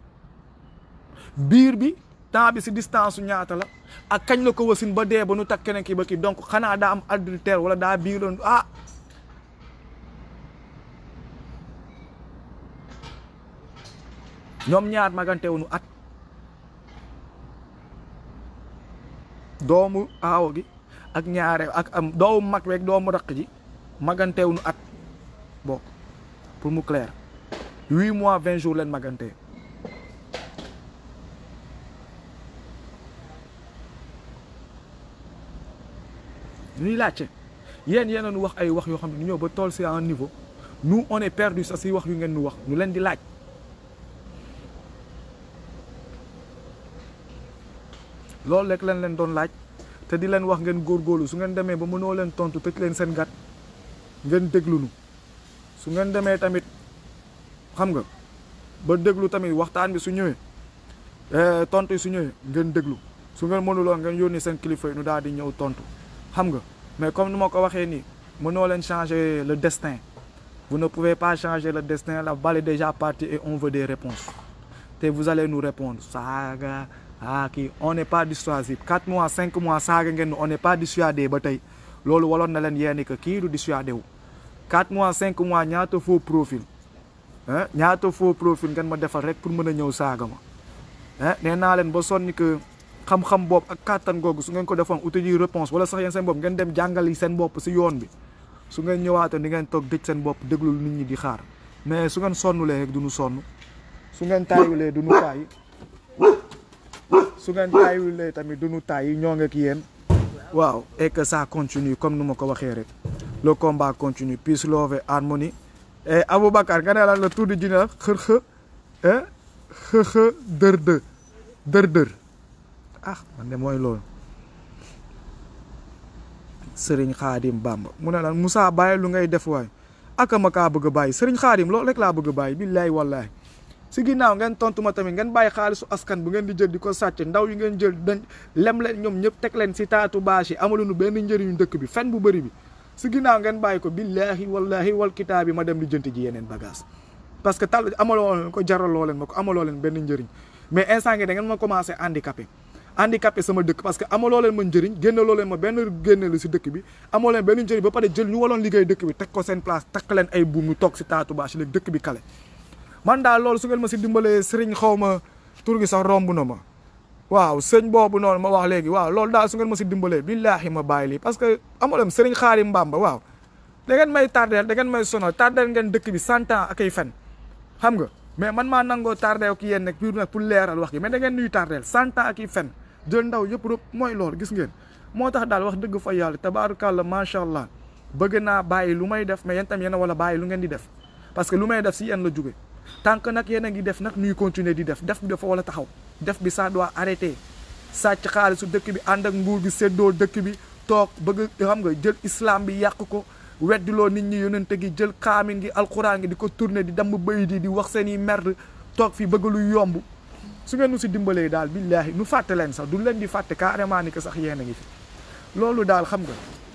biir bi temps bi si distance su ñaata la ak kañ la ko wasin ba dee ba nu takk keneen ki ba kii donc xanaa daa am adultère wala daa biiroon ah. ñoom ñaar magante wu nu at. doomu ak ñaare ak am doomu doomu pour mu clair 8 mois 20 jours len maganté ni ay un niveau nous on est perdu ça ci yu C'est rek que vous avez laaj te di leen wax ngeen góorgóorlu su ngeen demee ba mënoo leen tontu tëj leen seen gat ngeen su ngeen tamit xam mais comme ko vous le destin vous ne pouvez pas changer le destin la balle est déjà partie et on veut des réponses te vous allez nous répondre ah ki on n'est pas dissuasif 4 mois 5 mois sa ngeen ne on n'est pas dissuadé ba tay loolu walon na len yéene que ki du dissuadé wu 4 mois 5 mois ñaato faux profil hein eh, ñaato faux profil ngeen ma defal rek pour mën a ñëw saaga ma ah eh, nee naa leen ba sonni ke xam-xam boobu ak katan gogu su ngeen ko defoon outil ji réponse wala sax yéen sen bopp ngeen dem jàngali sen bop ci yoon bi su ngeen ñëwaatee ni ngeen tok dëj sen bop déglu nit ñi di xaar mais su ngeen sonnulee rek du ñu su ngeen taayulee du ñu taay su ngeen tàyyiwulee tamit du ñu tàyyi ñoo ngi ak yéen. waaw et que ça continue comme nu ma ko waxee rek le combat continue peace love harmonie et Aboubacar nga ne la tudd ji na xër xë xë xë dër dër dër dër ah man mooy loolu sëriñ xaadim bamba mu ne lan musaa bàyyi lu ngay def waay akama kaa bëgg a bàyyi sëriñ xaadim loolu rek laa bëgg a bàyyi billaay wallaay si ginnaaw ngeen tontu ma tamit ngeen bàyyi xaalisu askan bu ngeen di jël di ko sàcc ndaw yi ngeen jël dañ lem leen ñoom ñëpp teg leen si taatu bâche yi amaluñu benn njëriñu dëkk bi fen bu bëri bi si ginnaaw ngeen bàyyi ko billaahi wallaahi wal kitaabi ma dem di jënt ji yeneen bagage parce que tal amaloo ko jaraloo leen ma amaloo leen benn njëriñ mais instant gi da ngeen ma commencé handicapé handicapé sama dëkk parce que amaloo ma njëriñ génnaloo ma benn génne la si dëkk bi amoo leen benn njëriñ ba pare jël ñu waloon liggéey dëkk bi teg ko seen place takk leen ay buum ñu toog si taatu bâche léegi dëkk bi kale man da loolu su ngeen ma ci dimbalé serigne xawma tour gi sax rombu na ma waaw serigne bobu non ma wax léegi waaw loolu da su ngeen ma ci dimbalé billahi ma bayli parce que amolam serigne khalim mbamba waaw da ngeen may tardel da ngeen may sono tardel ngeen dëkk bi 100 ans akay fan xam nga mais man ma nango tardé ak yeen nak pour nak pour leeral wax yi mais da ngeen nuy tardel 100 ans akay fan de ndaw yëpp rop moy loolu gis ngeen motax dal wax dëgg fa yàlla tabaarukàlla macha allah bëgg naa bàyyi lu may def mais yéen tam wala bayyi lu ngeen di def parce que lu may def ci yéen la jóge tant que nag yéen a ngi def nag nuy continuer di def def bi dafa wala taxaw def bi ça doit arrêter sàcc xaalisu dëkk bi ànd ak nguur bi seddoo dëkk bi toog bëgg xam nga jël islam bi yàq ko weddiloo nit ñi yonente gi jël xaamin gi alxuraan ngi di ko tourner di damm bëy di di wax seen i merde toog fi bëgg lu yomb su ngeen nu si dimbalee daal billaahi nu fàtte leen sax du leen di fàtte carrément ni que sax yéen a ngi fi loolu daal xam nga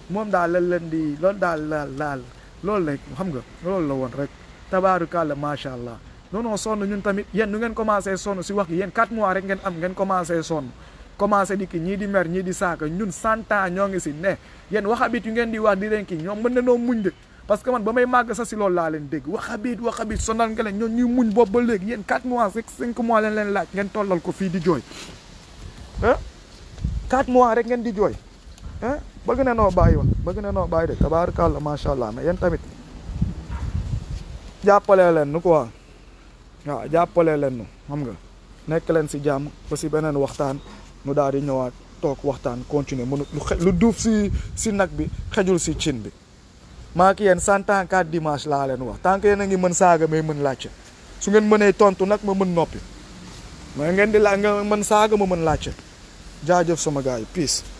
moom daal lan leen di loolu daal laal laal loolu rek xam nga loolu la woon rek tabaarukàlla macha allah. non non sonu ñun tamit yeen nu ngeen commencé sonu ci wax yeen 4 mois rek ngeen am ngeen commencé sonn commencé dik ñi di mer ñi di saaka ñun 100 ans ñoo ci si ne yéen waxabit yu ngeen di wax di leen ki ñoom mën na no muñ de parce que man bamay mag sa ci lool la leen dégg waxabit waxabit sonal nga leen ñoo ñuy muñ bo ba leg yeen 4 mois rek 5 mois leen leen laaj ngeen tollal ko fi di joy hein 4 mois rek ngeen di joy hein bëgg na no bàyyi wa bëgg na no bàyyi de tabarakallah ma sha allah ma yeen tamit jappale leen nu quoi waaw jàppale leen nu xam nga nekk leen si jàmm ba si beneen waxtaan nu daal di ñëwaat toog waxtaan continuer mënu lu duuf si si nag bi xejul si cin bi maak ki yéen cent ans dimanche laa leen wax tant que a ngi mën saaga may mën laajte su ngeen mënee tontu nag ma mën noppi ma ngeen di la nga mën saaga ma mën laajte jaajëf sama gars yi